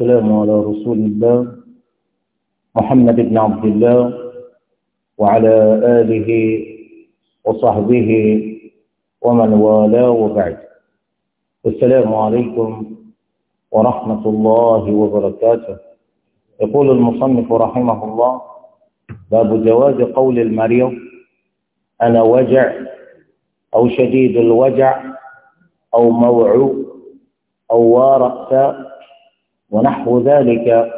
والسلام على رسول الله محمد بن عبد الله وعلى آله وصحبه ومن والاه وبعد السلام عليكم ورحمة الله وبركاته يقول المصنف رحمه الله باب جواز قول المريض أنا وجع أو شديد الوجع أو موعو أو وارأت ونحو ذلك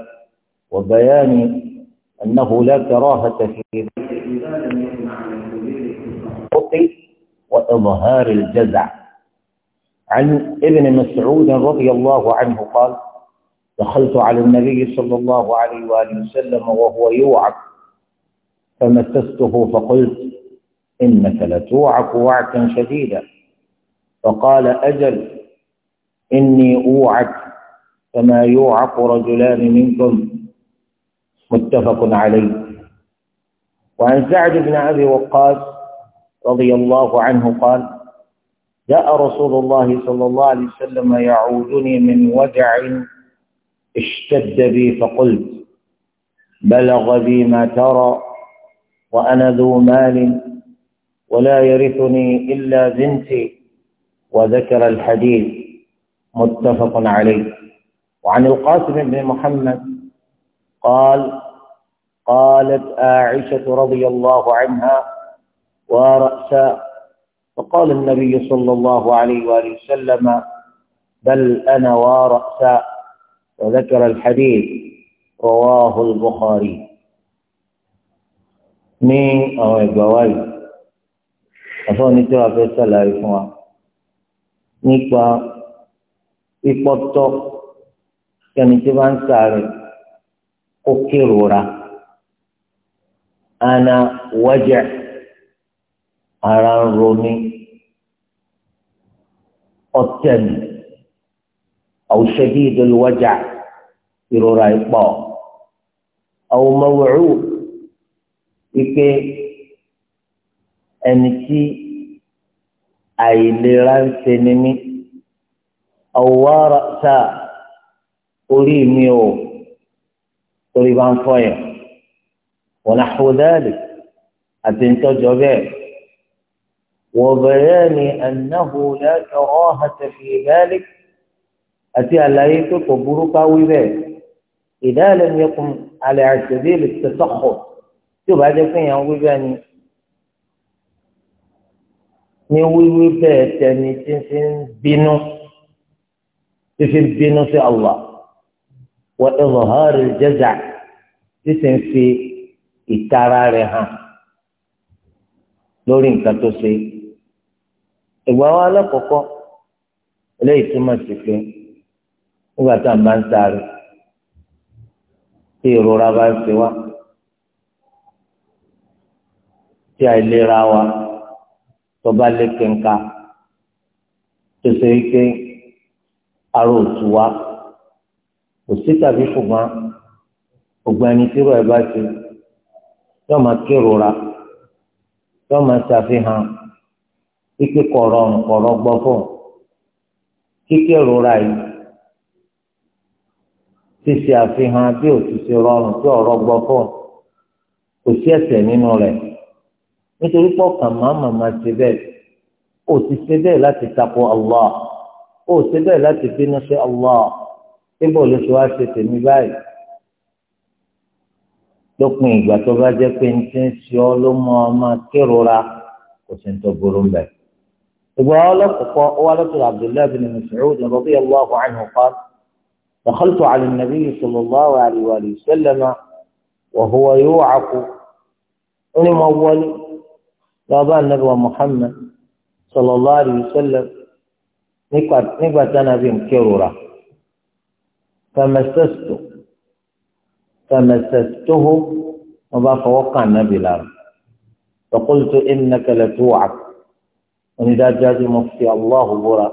وبيان أنه لا كراهة في ذلك وإظهار الجزع عن ابن مسعود رضي الله عنه قال دخلت على النبي صلى الله عليه وآله وسلم وهو يوعك فمسسته فقلت إنك لتوعك وعكا شديدا فقال أجل إني أوعك كما يوعق رجلان منكم متفق عليه وعن سعد بن أبي وقاص رضي الله عنه قال جاء رسول الله صلى الله عليه وسلم يعودني من وجع اشتد بي فقلت بلغ بي ما ترى وأنا ذو مال ولا يرثني إلا بنتي وذكر الحديث متفق عليه وعن القاسم بن محمد قال قالت عائشة رضي الله عنها ورأسا فقال النبي صلى الله عليه وآله وسلم بل أنا ورأسا وذكر الحديث رواه البخاري ní àwọn ẹgbà أصلاً yìí àfọwọ́ni tí wàá fẹ́ wa nípa kẹ́ni tí wọ́n ń sáré kó kérora ana wajẹ ara ń romi ọtẹni ọ̀ṣẹ́dí ìdọ̀lùwájà ìrora ìpọ̀ ọ̀wọ́mọ̀wẹ̀rù wípé ẹni tí àìlera ń ṣe ni mí ọ̀wọ́ sáà. orí mi ò torí bá ń fọ yẹn wọn náà fọ dáàlì àti ntọ́jọ́ bẹ́ẹ̀ وبيان أنه لا كراهة في ذلك àti àlàyé tó kò burú ká wí bẹ́ẹ̀ ìdáàlẹ́ ni ẹkùn alẹ́ àṣẹbí lè ti sọ́kọ̀ tí ò bá jẹ́ pé yẹn wí bẹ́ẹ̀ ni. ní wíwí bẹ́ẹ̀ tẹni tí ń fi ń bínú tí fi bínú sí Allah wọ ìhọ̀hárì jẹ́jà tí sì ń fi ìtara rẹ̀ hàn lórí nǹkan tó ṣe. ìgbà wa alákọ̀ọ́kọ́ eléyìí túmọ̀ sí pé nígbà tá à ń bá ń sáré tí ìrora bá ń ṣe wá tí àìlera wa tó bá lé kéńká tó ṣe wípé ara òtù wa kò sí tàbí ṣùgbọ́n gbogbo ẹni tí ìrọ̀ ẹ̀ bá ti yọ máa kérora yọ máa ṣàfihàn kíkí kọ̀rọ̀ nkọ̀rọ̀ gbọ́ fún kíkí ìrora yìí ṣíṣe àfihàn bí òṣìṣẹ́ rọrùn tí ọ̀rọ̀ gbọ́ fún kò sí ẹ̀ṣẹ̀ nínú rẹ̀ nítorí pọ̀ kàn máa màmá ṣe bẹ́ẹ̀ ó ti ṣe bẹ́ẹ̀ láti takò Allah ó ṣe bẹ́ẹ̀ láti bínú sí Allah síbò ló ti wá ṣe tèmi báyìí lópin ìgbà tó bá jẹ́ pé ní ti ń ṣe ọ ló mọ ọmọ kérora kò sí ní tó burú mbẹ. ìgbà ọlọ́kọ̀ọ́kọ́ wà lọ́tọ̀ abdullahi bin Mas'ud radiyallahu anhu qala dakhaltu ala an-nabiy sallallahu alayhi wa sallam wa huwa yu'aq ó ní mo wọlé lọ́ba anabi wa Muhammad sallallahu alayhi wa nígbà tí anabi ń kérora tẹmẹsẹsọ tẹmẹsẹsọho wọn bá fọwọ́ kàn nábì lára tọkọlùtò ẹnìnà kẹlẹ tó wà onídàájọ́ àti mo fi aláhùn bóra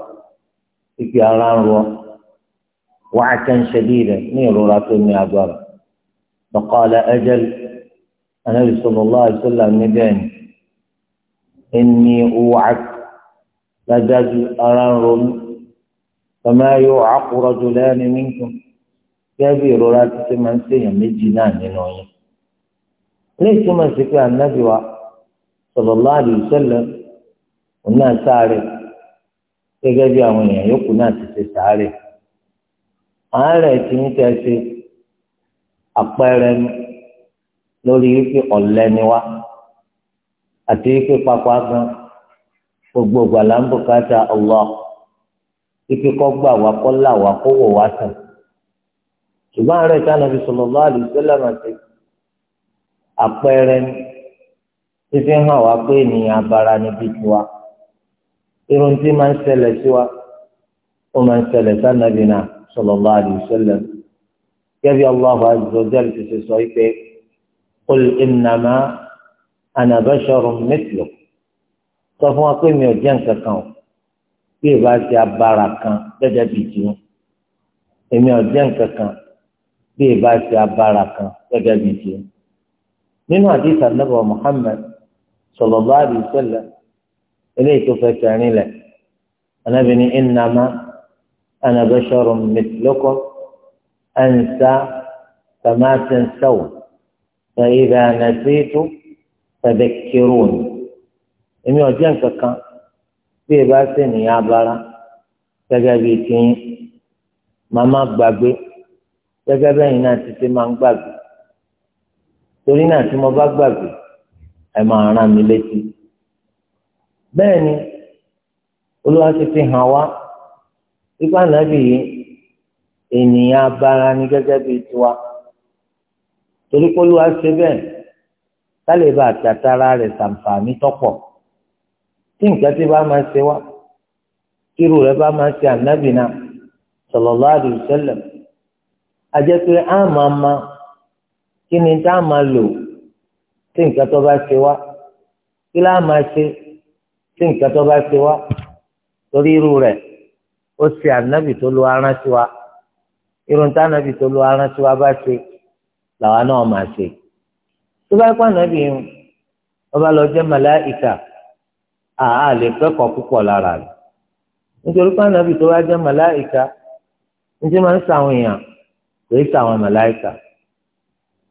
ìpè ara ń rọ wàá kẹ́ńṣẹ́lì rẹ̀ ní ìrora tó ní agbára tọkọlẹ ẹjẹl anabi sọlọlá àìsọlá níbẹ̀ ni ẹni wàá dájájú ara ń ronú tọ́mẹ́ yóò àkúrọ̀jù lẹ́ni nìkan. gẹ́gẹ́ bí ìrora ti ṣe máa ń ṣèyàn méjì náà nínú yín. ilé ìtumọ̀ sí pé ànábì wa sallallahu alaihi wasallam òun náà sáré gẹ́gẹ́ bí àwọn èèyàn yòókù náà ti ṣe sáré. àárẹ̀ ń lórí wípé ni wá àti wípé gan gbogbo wípé kọ́ gbà ṣùgbọ́n àárẹ̀ tí Ànábì sallallahu alaihi wasallam àti àpẹẹrẹ fífi hàn wá pé ènìyàn abara níbi tiwa irun tí máa ń ṣẹlẹ̀ sí wa ó máa ń ṣẹlẹ̀ sí Ànábì náà sallallahu alaihi wasallam gẹ́gẹ́ bí Allahu azza wa jalla ti ṣe sọ pé qul innama ana basharun sọ fún wa pé mi ò jẹ́ nǹkan kan o bí ìbá ti abara kan gẹ́gẹ́ bíi tiwọn èmi ò jẹ́ nǹkan kan bí ìbá ṣe abára kan gẹ́gẹ́ bí ṣe. nínú àdìsá nàbà Muhammad sallallahu alaihi wasallam eléyìí tó fẹ́ sẹ́rin lẹ̀ Ànábì ní innama ana basharun mithlukum ansa kama tansawun fa idha nasitu fadhakkiruni èmi ọ̀jẹ̀ nǹkan kan bí ìbá ṣe nìyá abára gẹ́gẹ́ bí ti yín màmá gbàgbé gẹ́gẹ́ bẹ́yìn náà ti ṣe máa ń gbàgbé torí náà tí mo bá gbàgbé ẹ máa rán mi létí bẹ́ẹ̀ ni olúwa ti fi hàn wá ipá nàbì yìí ènìyàn abara ni gẹ́gẹ́ bíi tiwa torí pé olúwa ṣe bẹ́ẹ̀ kálíbà àtàtàrà rẹ̀ ṣàǹfààní tọ́pọ̀ tí nǹkan tí bá máa ṣe wá kírù rẹ̀ bá máa ṣe ànábì náà sallallahu alaihi wasallam. ajẹ́ a máa ma kí ni tá a máa lò tí nǹkan tó bá ṣe wá kí láà máa ṣe tí nǹkan tó bá ṣe wá torí irú rẹ̀ ó ṣe ànábì tó lo aràn sí wa irun tá ànábì tó lo aràn sí wa bá ṣe làwa náà máa ṣe tó bá pa ànábì yìí wọ́n bá lọ jẹ́ màláìkà àá lè kẹ́kọ̀ọ́ púpọ̀ lára rẹ̀ nítorí ànábì kìí sàwọn màláìkà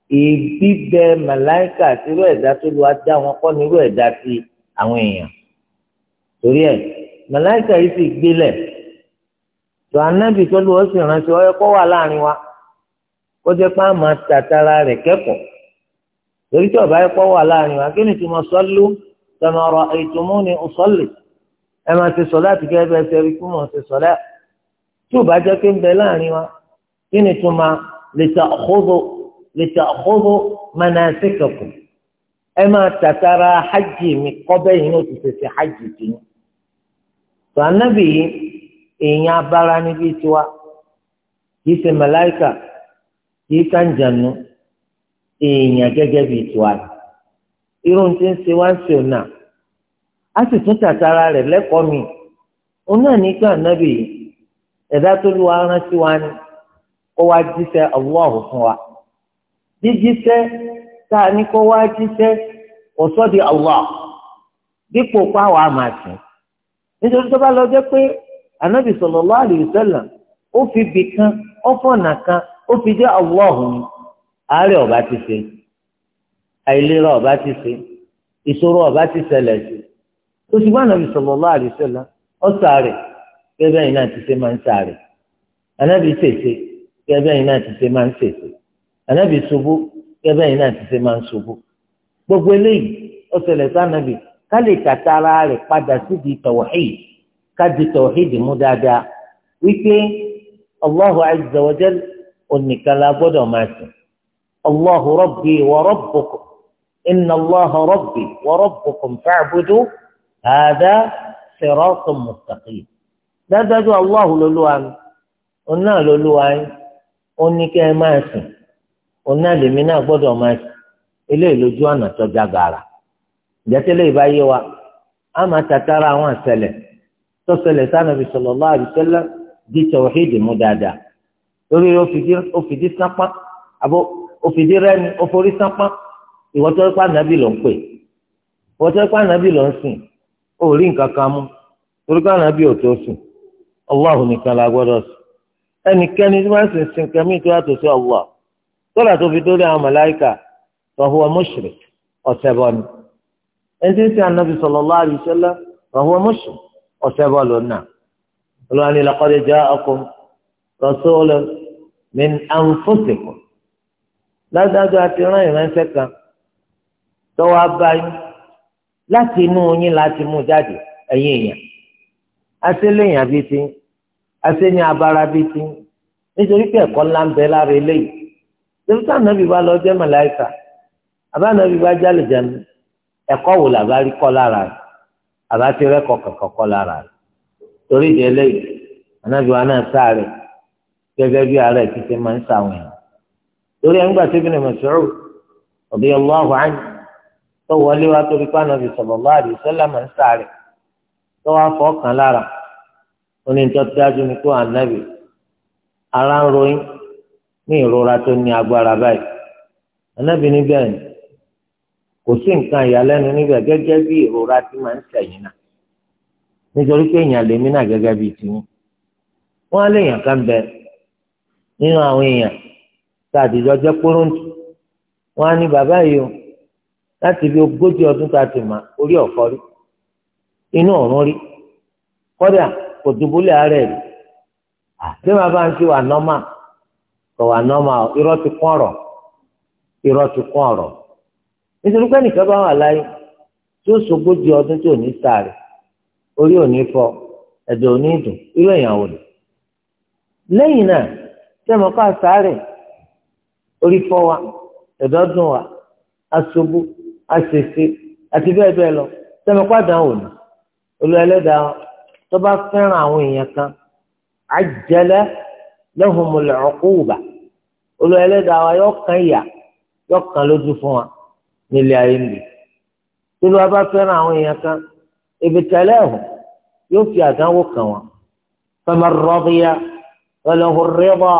ìbí bẹ màláìkà àti irú ẹ̀dá tó lu ajá wọn kọ́ ní irú ẹ̀dá ti àwọn èèyàn torí ẹ̀ màláìkà yìí sì gbélẹ̀ tó anábì tó lu ọ̀sìn ránṣẹ́ ọ̀yọ́ kọ́ wà láàrin wa kó jẹ́ pé a máa tàtàrà rẹ̀ kẹ́kọ̀ọ́ torí tí ọ̀bá yẹn kọ́ wà láàrin wa kí ni tí mo sọ lú tẹ̀mọ̀ ọ̀rọ̀ ìtumú ni ó sọ lè ẹ máa ti sọ láti kẹ́ bẹ́ẹ̀ ṣe rí kí mo ti sọ lẹ́ tí ò bá jẹ́ pé ń bẹ láàrin wa kí ni tó máa lita'khudhu lita'khudhu manasikakum ẹ máa tàtàrà hajj mi kọ́bẹ́ yìí ó ti tètè hajj tìyìn. tó anábì yìí èèyàn abára níbi tiwa kì í ṣe màláìkà kì í kànjànú èèyàn gẹ́gẹ́ bíi tiwa ni. irun tí ń ṣe wá ń ṣe ọ̀nà a sì tún tàtàrà rẹ̀ lẹ́kọ̀ọ́ mi. òun ní ká anábì yìí ẹ̀dá tó lù wá sí wa ni. kó wá jíṣẹ́ Allahu fún wa jíjíṣẹ́ tá a ní kó wá jíṣẹ́ Allah dípò páwa máa sìn nítorí tó bá lọ jẹ́ pé anabi fi bì kan ó fọ̀nà kan ó fi jẹ́ Allahu àárẹ̀ ọba ti ṣe àìlera ọba ti ṣe ìṣòro ọba ti ṣẹlẹ̀ sí o si anabi sallallahu alayhi wa gẹ́gẹ́ bẹ́ẹ̀ náà gẹ́gẹ́ yìí náà ti ṣe máa ń ṣèṣe ànábì ṣubú gẹ́gẹ́ yìí náà ti ṣe máa ń ṣubú gbogbo eléyìí ó ṣẹlẹ̀ sànàbì ká lè tàtà ara rẹ̀ padà síbi tawhid ká di tawhid mú dáadáa wípé Allahu azza wa jal onìkan la gbọ́dọ̀ máa sìn Allahu rabbi wa rabbukum inna Allaha rabbi wa rabbukum fa'budu hadha siratun mustaqim dáadáa ju Allahu lolúwa mi òun lolúwa yín. ó ní kí ẹ máa sìn òun náà lèmi náà gbọdọ máa sìn eléyìí lójú ọ̀nà tọ́já gàrà ìjẹ́tẹ́lẹ̀ ìbá yé wa á máa tàtàrà àwọn àṣẹlẹ̀ tó ṣẹlẹ̀ di tawhidi mú dáadáa oriri òfìdí sápá àbó òfìdí rẹ́ni òforí sápá ìwọ́tọ́ ipá nàbì ló ń pè ìwọ́tọ́ ipá nàbì ló ń sìn kan la gbọ́dọ̀ sùn. ẹnikẹ́ni tí wọ́n sì ń sin kẹ́mí tó yàtọ̀ sí Allah tọ́lá tó fi dórí àwọn màláíkà fahuwa mushrik ọ̀sẹ̀ bọ́ ni ẹni tí ń sin anabi sallallahu alaihi wasallam fahuwa mushrik ọ̀sẹ̀ bọ́ lónà olùwàní laqad ja'akum rasulun min anfusikum dájúdájú àti rán kan tọ́wọ́ asẹ́ni abara bíi ti nítorí pé ẹ̀kọ́ ńlá ń bẹ lára eléyìí lórí tí ànábì bá lọ jẹ́ màláìkà àbá ànábì bá jálè jẹun ẹ̀kọ́ wò làbá rí lára àbá ti lára torí ìdí eléyìí wa náà sáré bí ara ẹ̀ títí máa ń sàwọn ẹ̀ torí ẹ̀ńgbà tí Ibn Mas'ud radiyallahu anhu tó wọlé wa torí pé oníjọ́ dájú ni kó ànábì ara ń ròyìn ní ìrora tó ní agbára báyìí ànábì níbẹ̀ ni kò sí nǹkan ìyàlẹ́nu níbẹ̀ gẹ́gẹ́ bí ìrora tí máa ń sẹ̀yìn náà nítorí pé èèyàn lèmi náà gẹ́gẹ́ bíi tiyín wọ́n á léèyàn kan bẹ nínú àwọn èèyàn tá a dìjọ jẹ́ kóróǹtù wọ́n á ní bàbá yìí o láti bí ogójì ọdún tá a ti mà orí ọ̀fọ́ rí inú ọ̀run rí kọ́dà kò dùbúlẹ̀ ààrẹ rí àti ń ti wà nọ́mà kò wà nọ́mà irọ́ ti kún ọ̀rọ̀ irọ́ ti kún ọ̀rọ̀ nítorí pé nìkan bá wà láyé tí ó sogójì ọdún tí ò ní sáré orí ò ní fọ ẹ̀dọ̀ ò ní dùn irú èèyàn wò ni lẹ́yìn náà tí orí fọ́ wa lọ tó bá fẹ́ràn àwọn èèyàn kan ajjala lahumul uquba olú ẹlẹ́dàá wa yóò kan ìyà yóò kan lójú fún wa nílé ayé nìyí tó ló wá bá fẹ́ràn àwọn èèyàn kan ibtalahum yóò fi àdánwò kàn wọ́n faman radiya falahu ar-rida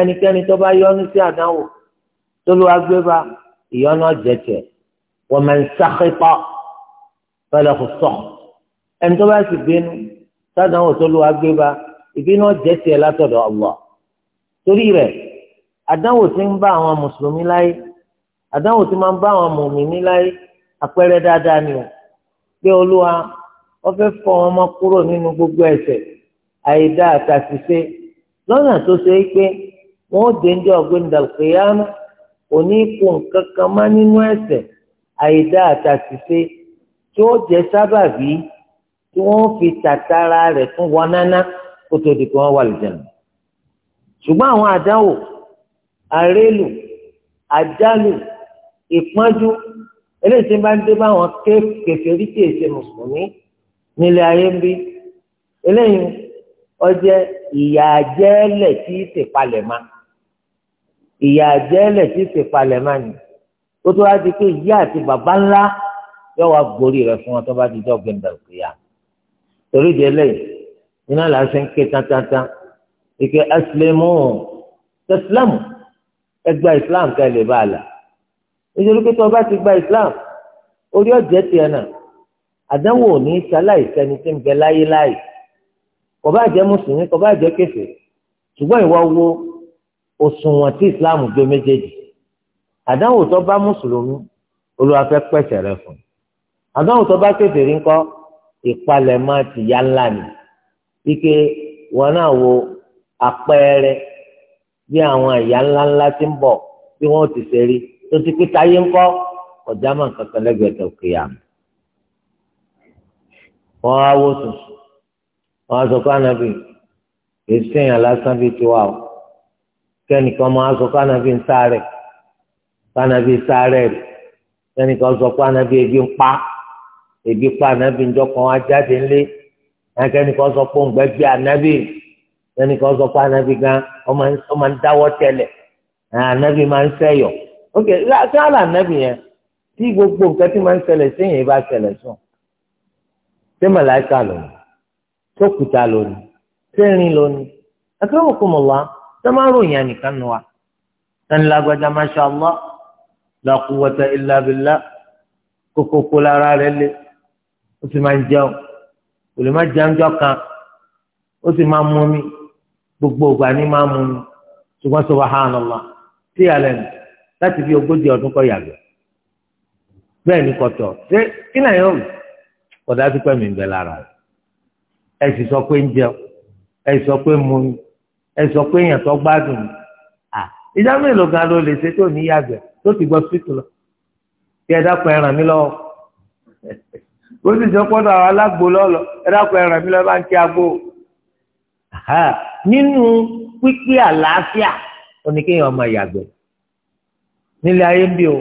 ẹnikẹ́ni tó bá yọ́nú sí àdánwò tó ló wá gbé bá ìyọ́nú ọ̀jẹ̀ tiẹ̀ wa man sakhita falahu as-sakht. ẹni tó bá sì bínú sádàáwò tó lù ìbínú Allah torí rẹ̀ àdánwò tí ń bá àwọn mùsùlùmí láyé àdánwò tí máa ń bá àwọn mùmíní láyé ni o pé olúwa fọ wọn mọ́ kúrò gbogbo ese àìdá àtàṣìṣe lọ́nà tó ṣe é pé wọ́n ó dé ní ọ̀gbìn dàlùkìyàmù òní kò nǹkan kan má nínú ẹ̀ṣẹ̀ àìdá tí ó tí wọ́n fi tàtàrà rẹ̀ fún wọn náná kó tó di pé wọ́n wà lùjẹ̀nà ṣùgbọ́n àwọn àdánwò àrélù àjálù ìpọ́njú eléyìí tí bá ń dé báwọn kèfèrí tí èsè mùsùlùmí nílé ayé ń bí eléyìí ọjẹ ìyà àjẹ́lẹ̀ tí í ṣe palẹ̀má ìyà àjẹ́lẹ̀ tí í ṣe palẹ̀má ni ó tó wá di pé ìyá àti bàbá ńlá yóò wá gborí rẹ̀ fún wọn tó bá ti jọ gbẹndàgbéyà torí ìdí ẹlẹ́yìn iná là ń ṣe ń ké tátátá ike asilamu tẹsilamu ẹ islam ká lè bá a là nítorí pé tí wọn bá ti gba islam orí ọ̀jẹ̀ tiẹ̀ náà àdánwò ní sáláìsẹ́ni tí ń bẹ láyé láyé kò bá jẹ́ mùsùlùmí kò bá jẹ́ kẹfẹ́ ṣùgbọ́n ìwọ wo òṣùwọ̀n tí islam gbé méjèèjì àdánwò tó bá mùsùlùmí olúwa fẹ́ rẹ fún un àdánwò tó bá kẹfẹ́ rí ńkọ́ ìpalẹ̀mọ́ ti yá ńlá ni wípé wọn náà wo àpẹẹrẹ bí àwọn ìyá ńlá ńlá ti ń bọ̀ bí wọn ò ti ṣe rí tó ti pé táyé ń kọ́ ọ̀já mọ̀ nǹkan kan lẹ́gbẹ̀ẹ́ tó kéèyàn. wọ́n á wò sùn wọ́n á sọ pé ànábì èyí sèèyàn bíi tiwa o kẹ́nìkan máa sọ pé ànábì ń sáré pé ànábì sáré rẹ̀ kẹ́nìkan sọ pé ànábì ebi ń pa ebi pa anabi ńjọ kan wá jáde ńlé ẹnikẹ́nìkan sọ pé òǹgbẹ́ gbé anabi ẹnikẹ́nìkan sọ pé anabi gan ọmọ ń dáwọ́ tẹ́lẹ̀ anabi máa ń sẹ́yọ̀ ok sáàlà anabi yẹn tí gbogbo nǹkan tí máa ń ṣẹlẹ̀ sẹ́yìn bá ṣẹlẹ̀ sùn ṣé màláìka lónìí sókùtà lónìí sẹ́rin lónìí akérèmọ̀kọ́mọ̀lá sẹ́márò yẹn nìkan nù wa sani lágbájá masha allah la quwwata illa billah kókókó lára rẹ̀ lé. ó sì máa ń jẹun kò lè má kan ó sì máa ń mú mi gbogbo ni máa ń mú mi ṣùgbọ́n subhanallah tí alẹ́ nù láti fi ogójì ọdún kọ́ yàgbẹ́ bẹ́ẹ̀ ni kọ̀tọ̀ ṣé kí náà yóò kọ̀dá tó pẹ́ mi ń bẹ lára rẹ̀ ẹ sì sọ pé ń ẹ sọ pé ń mú mi ẹ sọ pé èèyàn tó gbádùn mi ìjà mélòó gan ó sì jọ pọ́dọ̀ àwọn alágbó lọ́lọ́ ẹ̀dàpọ̀ ẹ̀ràn mi lọ́ọ́ bá ń kí agbó. nínú pípé àlàáfíà oníkéèyàn ọmọ ìyàgbẹ́ nílé ayé ń bí o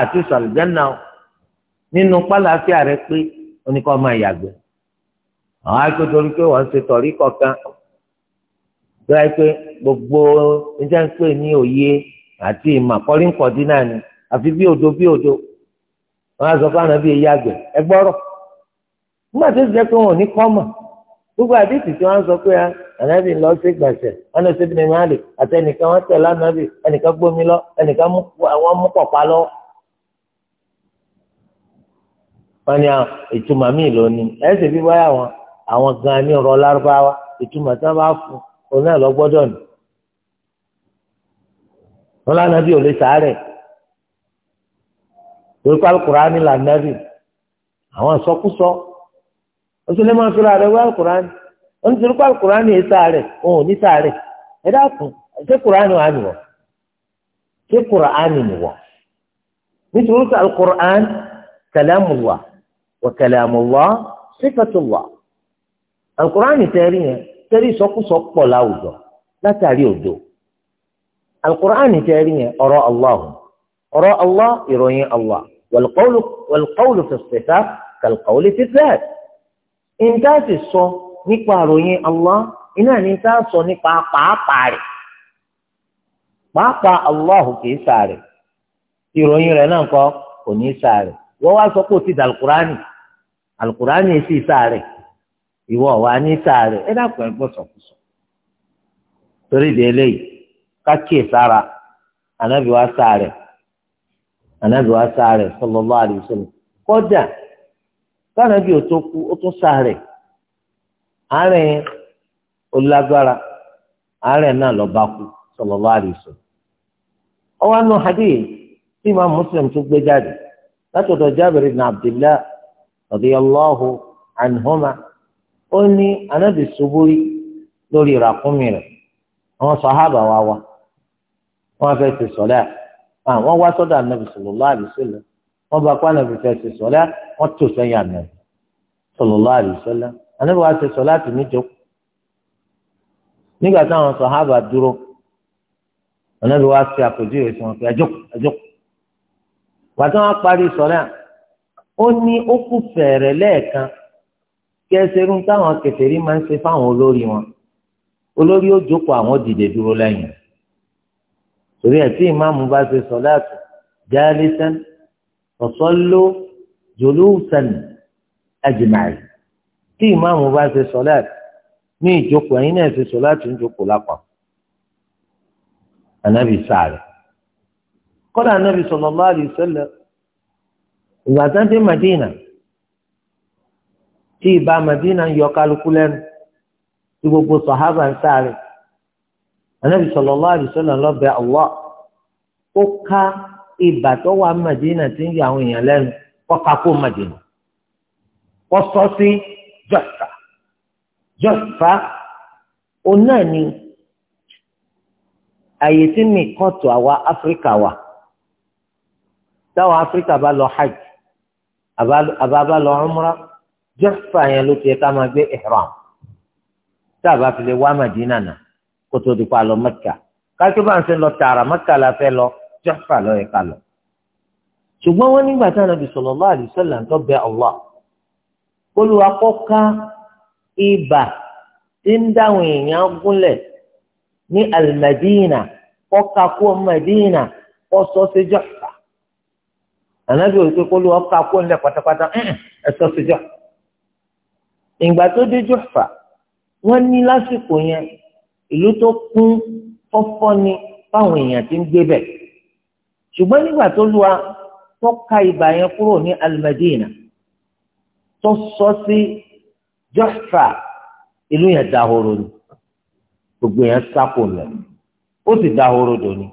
àti nínú pálàáfíà rẹ pé ọmọ ìyàgbẹ́ àwọn pé wọ́n tọ̀rí kọ̀ọ̀kan gbogbo ní òye àti ìmọ̀ kọ́rí ń ni àfi wọn á sọ fún anabi eyi àgbẹ ẹgbọrọ nígbà tó ṣe pé wọn ò ní kọ́mọ̀ gbogbo àdìsí tí wọn sọ pé anabi lọ sí gbàṣẹ wọn lọ sí ibi mẹ́rin àtẹnìkan wọn tẹ̀lé anabi ẹnìkan gbómi lọ ẹnìkan wọn mú pọ̀pá lọ. wọn ni ìtumọ̀ míì lónìí ẹ̀sìn bí wáyà wọn àwọn gan-an ní ọ̀rọ̀ lárúbáwá ìtumọ̀ tí wọn bá fún un náà lọ gbọ́dọ̀ nù. wọn lánàá ò lè sàárẹ̀ torí pé alukurani là nàbì àwọn sọkúsọ o sì lè máa fi ra rẹ wá alukurani o ní torí pé alukurani yìí sáré òun ò ní sáré ẹ dákun ṣé kurani wà nìwọ ṣé kurani nìwọ nítorí pé alukurani kalamullah wa kalamullah sifatullah alukurani tẹ̀rí yẹn tẹ̀rí sọkúsọ pọ̀ láwùjọ látàrí òdo alukurani tẹ̀rí yẹn ọ̀rọ̀ allah allah ìròyìn allah. والقول والقول في الصفات كالقول في الذات إن تاسي الصو نكبر الله إن إن تاسو نكبر pàápàá pàápàá Allah kìí kò ní sáré wọ́n wá sọ pé ó ti dà alukurani alukurani sì sáré ìwọ wà ní sáré ẹ dákun ẹ gbọ́ sọ̀kúsọ torí de eléyìí ká ànábì wa sáré sallallahu alaihi wasallam kọjá kánàbì ò tó kú ó tún sáré àárẹ̀ olágbára àárẹ̀ náà lọ bá kú sallallahu alaihi ọwọ́ nù tí Muslim tó gbé jáde látọ̀dọ̀ Jabir ibn Abdillah radiyallahu anhuma ó ní ànábì subúrí lórí ìràkúnmí rẹ̀ àwọn ah, wá sọ́dọ̀ anabi sallallahu alaihi wasallam wọ́n bá pa anabi fẹ́ ṣe sọ́lá wọ́n tò sẹ́yìn anabi sallallahu alaihi wasallam anabi wa ṣe sọ́lá tì níjọ́ nígbà táwọn sàhábà dúró anabi wa ṣe àpèjúwe sí wọn pé ẹjọ́ ẹjọ́ wàtí wọ́n parí sọ́lá ó ní ó kù fẹ̀rẹ̀ lẹ́ẹ̀kan kẹsẹ̀rún táwọn kèfèrí máa ń ṣe fáwọn olórí wọn olórí ó jókòó àwọn dìde dúró lẹ́yìn torí ẹ̀ tí ìmáàmù bá ṣe sọ̀láàtù jálísán ọ̀sọ́ló jòlóòsàn ajìmáì tí ìmáàmù bá ṣe sọ̀láàtù ní ìjókòó ẹ̀yin náà ṣe sọ̀láàtù ń jókòó lápá ànábì sáré kọ́dà ànábì sallallahu alaihi wasallam ìgbà tán dé Madina tí ìbá Madina ń yọ kálukú lẹ́nu tí gbogbo sàhábà ń sáré anabi sallallahu alaihi wasallam lọbẹ Allah ó ká ibà tó wà Madina tí ń yọ àwọn èèyàn lẹ́nu kọfà kó Madina kọ sọ sí Jaffa Jaffa òun náà ni àyè tí mi kọ́tù àwa Áfíríkà wà táwọn Áfíríkà bá lọ hajj àbá bá lọ umra Jaffa yẹn ló ti yẹ ká máa gbé ihram tá a bá fi lè wá Madina náà kó tó di pa lọ mẹ́kà kájú bá ń ṣe lọ tààrà mẹ́kà la fẹ́ lọ jọ́fà lọ́ọ́ ẹ̀ka lọ. ṣùgbọ́n wọ́n nígbà tí Ànábì sallallahu alaihi wasallam tó bẹ Allah olùwà kọ́ka ibà tí ń dáhùn èèyàn gúnlẹ̀ ní al-Madina kọ́ka kú Madina kọ́ sọ sí jọ́fà ànábì òwe kó ló ọkọ akó ńlẹ pátápátá ẹsọ sí jọ ìgbà tó dé jọfà wọn ní lásìkò yẹn ìlú tó kún fọ́fọ́ ni fáwọn èèyàn ti ń gbé bẹ̀ ṣùgbọ́n nígbà tó lu wa tó ka ibà yẹn kúrò ní alimadina tó sọ sí jọ́fà ìlú yẹn dahoro ni gbogbo yẹn sáko lẹ ó sì dahoro dòní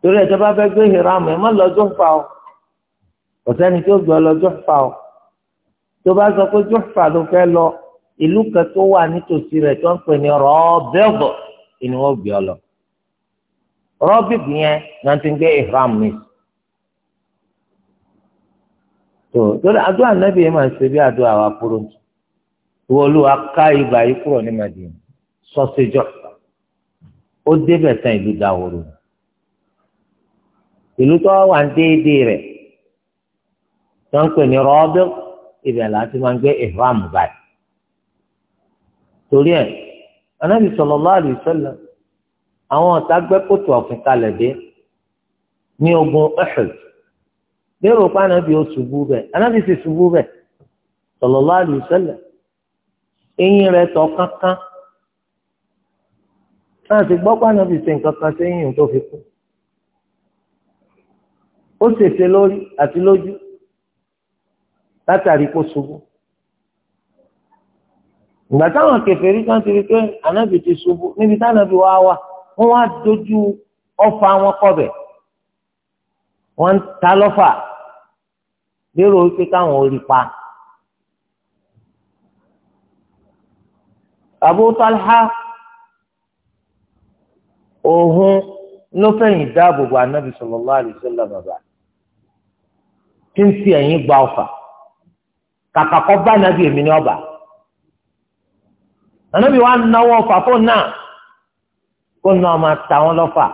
torí ẹjọ́ bá fẹ́ gbé hiramu ẹ má lọ jọ́fà o ọ̀sẹ́ni tó gbọ́ lọ jọ́fà o tó bá sọ pé jọ́fà ló fẹ́ lọ ìlú kan tó wà nítòsí rẹ̀ tó ń pè ní rọ́ọ̀bẹ́ọ̀bọ̀ ni wọ́n gbé ọ lọ. rọ́ọ̀bìbì yẹn ni wọ́n ti ń gbé ihram mi. tó torí àdúrà nàbì yẹn máa ń ṣe bí àdúrà wa kúrò tù. ìwọ olúwa ká ibà yìí kúrò ní Madina sọ́sẹ́jọ́ ó débẹ̀ tán ìlú dahoro. ìlú tó wà ń déédéé rẹ̀ tó ń pè ní rọ́ọ̀bẹ́ọ̀ ibẹ̀ làá ti máa gbé ihram báyìí torí ẹ̀ anábì sallallahu alaihi wasallam àwọn ọ̀tá gbẹ́ kòtò ọ̀fìn kalẹ̀ dé ní ogun Uhud lérò pé anábì ó ṣubú bẹ̀ anábì sì ṣubú bẹ̀ sallallahu alaihi wasallam eyín rẹ̀ tọ́ kánkán náà ti gbọ́ pé anábì ṣe nǹkan kan sẹ́yìn tó fi kú ó ṣèṣe lórí àti lójú látàrí kó ṣubú ìgbà táwọn kèfèrí kan ti rí pé ànábì ti ṣubú níbi tánábì wá wà wọ́n wá dojú ọfà wọn kọbẹ̀ wọ́n ń ta lọ́fà lérò wípé káwọn ò pa. Abu Talha òhun ló fẹ̀yìn dáàbòbò ànábì sallallahu alaihi wasallam bàbá kí n ti ẹ̀yìn gba ọfà kàkàkọ́ bá ànábì èmi ní ọba ànábì wa náwó ọfà fún náà kó náà máa ta wọn lọ́fà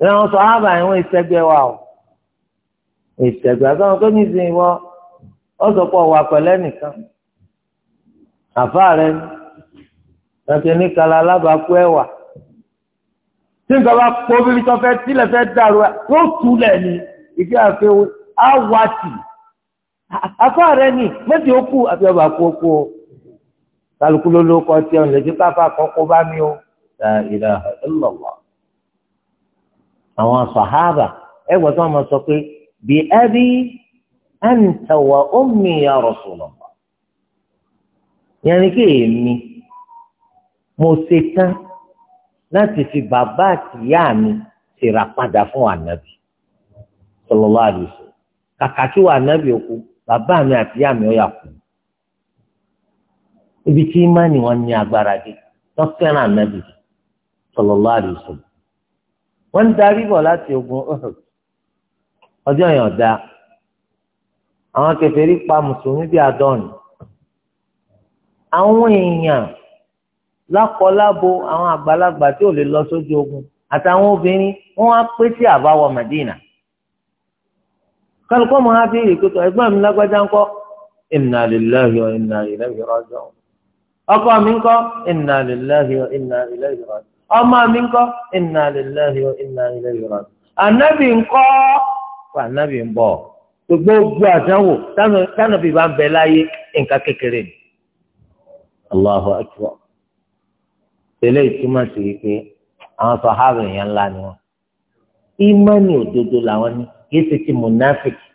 ìlànà wọn sọ ábà ìwọn ìṣẹ́gbẹ́ wa o ìṣẹ́gbẹ́ àtàwọn tó ní ìsìn ìwọ wọn sọ pẹ̀lẹ́ nìkan àfa rẹ lọ́sẹ̀ ní kala alábàákú ẹ̀wà tí nǹkan bá pọ̀ bíbí tó fẹ́ sílẹ̀ fẹ́ dàrú ẹ̀ yóò túlẹ̀ ni ìgbé àfẹ́wé á àfa rẹ ni méjì ó kú àbí ọba kálukú ló ló kọ tiẹ̀ ọ̀nà lẹ́jọ́ káfá kọ́kọ́ bá mi o la ilaha illallah àwọn sàhábà ẹ gbọ́dọ̀ tí wọ́n máa sọ pé bí abi anta wa ummi ya rasulullah yẹn ni kí èmi mo ṣe tán láti fi bàbá àtìyá mi ṣèrà padà fún ànábì sallallahu alaihi wasallam ànábì òkú bàbá mi àtìyá mi ó yà ibi tí ìmánì wọn ní agbára dé tó fẹ́ràn ànábì sallallahu alaihi wasallam wọ́n ń darí bọ̀ láti ogun ọ̀hún ọjọ́ yẹn ọ̀dà àwọn kèfèrí pa mùsùlùmí bíi àádọ́rin àwọn èèyàn lákọlábo àwọn àgbàlagbà tí ò lè lọ sójú ogun àtàwọn obìnrin wọn wá pé sí àbáwọ Madina kálukọ́ mọ́ á béèrè pé ẹgbẹ́ mi lágbájá ń kọ́ inna lillahi wa ọkọ mi ńkọ́ inna lillahi wa inna ilayhi raji ọmọ mi ńkọ́ inna lillahi wa inna ilayhi raji ànábì ńkọ́ fún ànábì ń bọ̀ gbogbo gbogbo àdánwò tánàbì bá ń bẹ láyé nǹkan kékeré ni Allahu akbar tẹ́lẹ̀ ìtumọ̀ sí wípé àwọn sọhábì yẹn ńlá ni wọn ìmánì òdodo làwọn ní kìí ṣe ti mùnáfíkì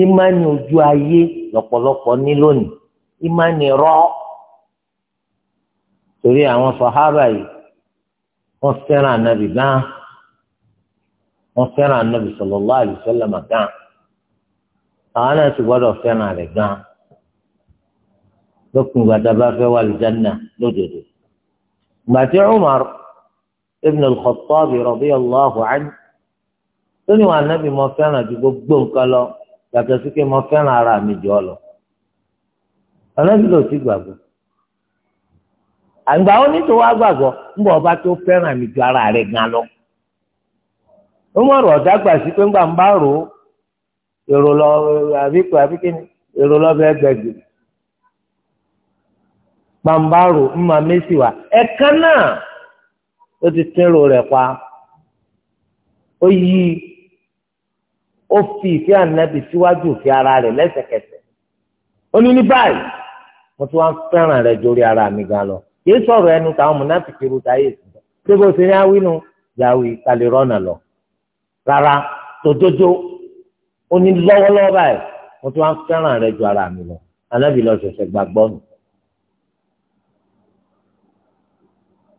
ìmánì ojú ayé lọ́pọ̀lọpọ̀ ní lónìí ìmánì rọ torí àwọn sọhábà yìí wọ́n fẹ́ràn anabi gan wọ́n fẹ́ràn anabi sallallahu alaihi wasallam gan àwọn náà sì gbọ́dọ̀ fẹ́ràn rẹ̀ gan lókun gbàdá bá fẹ́ wà lùjánà lódodo gbàtí Umar ibn al-Khattab radiyallahu anhu tó ní wọn anabi mo fẹ́ràn ju gbogbo nǹkan lọ yàtọ̀ sí pé mo fẹ́ràn ara mi jù lọ. ọlọ́bí ló ti gbàgbọ́ àgbà ó ní tó wá gbàgbọ́ ńgbà ọba tó fẹ́ràn mi ju ara rẹ̀ gan lọ ó mọ̀rọ̀ gbà sí pé ńgbà ń bá rò ó èrò lọ àbíkú àbíkíni èrò lọ bẹ gbẹgbẹ gbàǹbàrò ńmà mẹ́sì wá ẹ̀ka náà ó ti tẹ́rọ rẹ̀ pa ó yí ó fi mo tún wá fẹ́ràn rẹ jórí ara mi gan lọ yéé sọ̀rọ̀ ẹnu táwọn mùnáfíkì ru táyé sí ṣé bó ṣe ní awínú yàwí kálí rọ́nà lọ rárá tòjójó ó ní lọ́wọ́lọ́wọ́ báyìí mo tún wá fẹ́ràn rẹ ju ara mi lọ anábì lọ ṣẹ̀ṣẹ̀ gbàgbọ́ nù.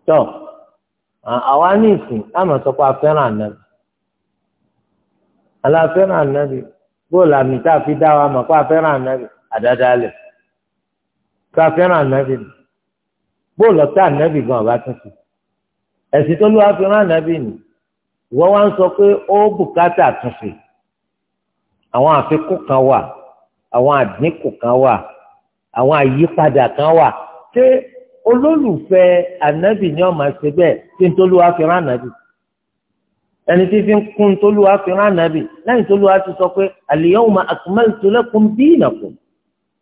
tọ́ àwa ní ìsìn àmọ̀ sọ pé a fẹ́ràn ànábì aláfẹ́ràn ànábì bóòlù àmì tá a fi dá wa mọ̀ pé a fẹ́ràn ànábì àdáda lẹ̀ ká fẹ́ràn ànábì ni bóòlù ọ̀tá ànábì gan ọ̀bá tuntun ẹ̀sìn tó lóra fẹ́ràn ànábì ni wọ́n wá ń sọ pé ó bùkátà àtúnṣe àwọn àfikún kan wà àwọn àdínkù kan wà àwọn àyípadà kan wà ṣé olólùfẹ́ ànábì ni ọ̀ma ṣe bẹ́ẹ̀ tí ń tó lóra fẹ́ràn ànábì ẹni tí fi ń kún tó lóra fẹ́ràn ànábì lẹ́yìn tó lóra ti sọ pé al-yawma akmaltu lakum dīnakum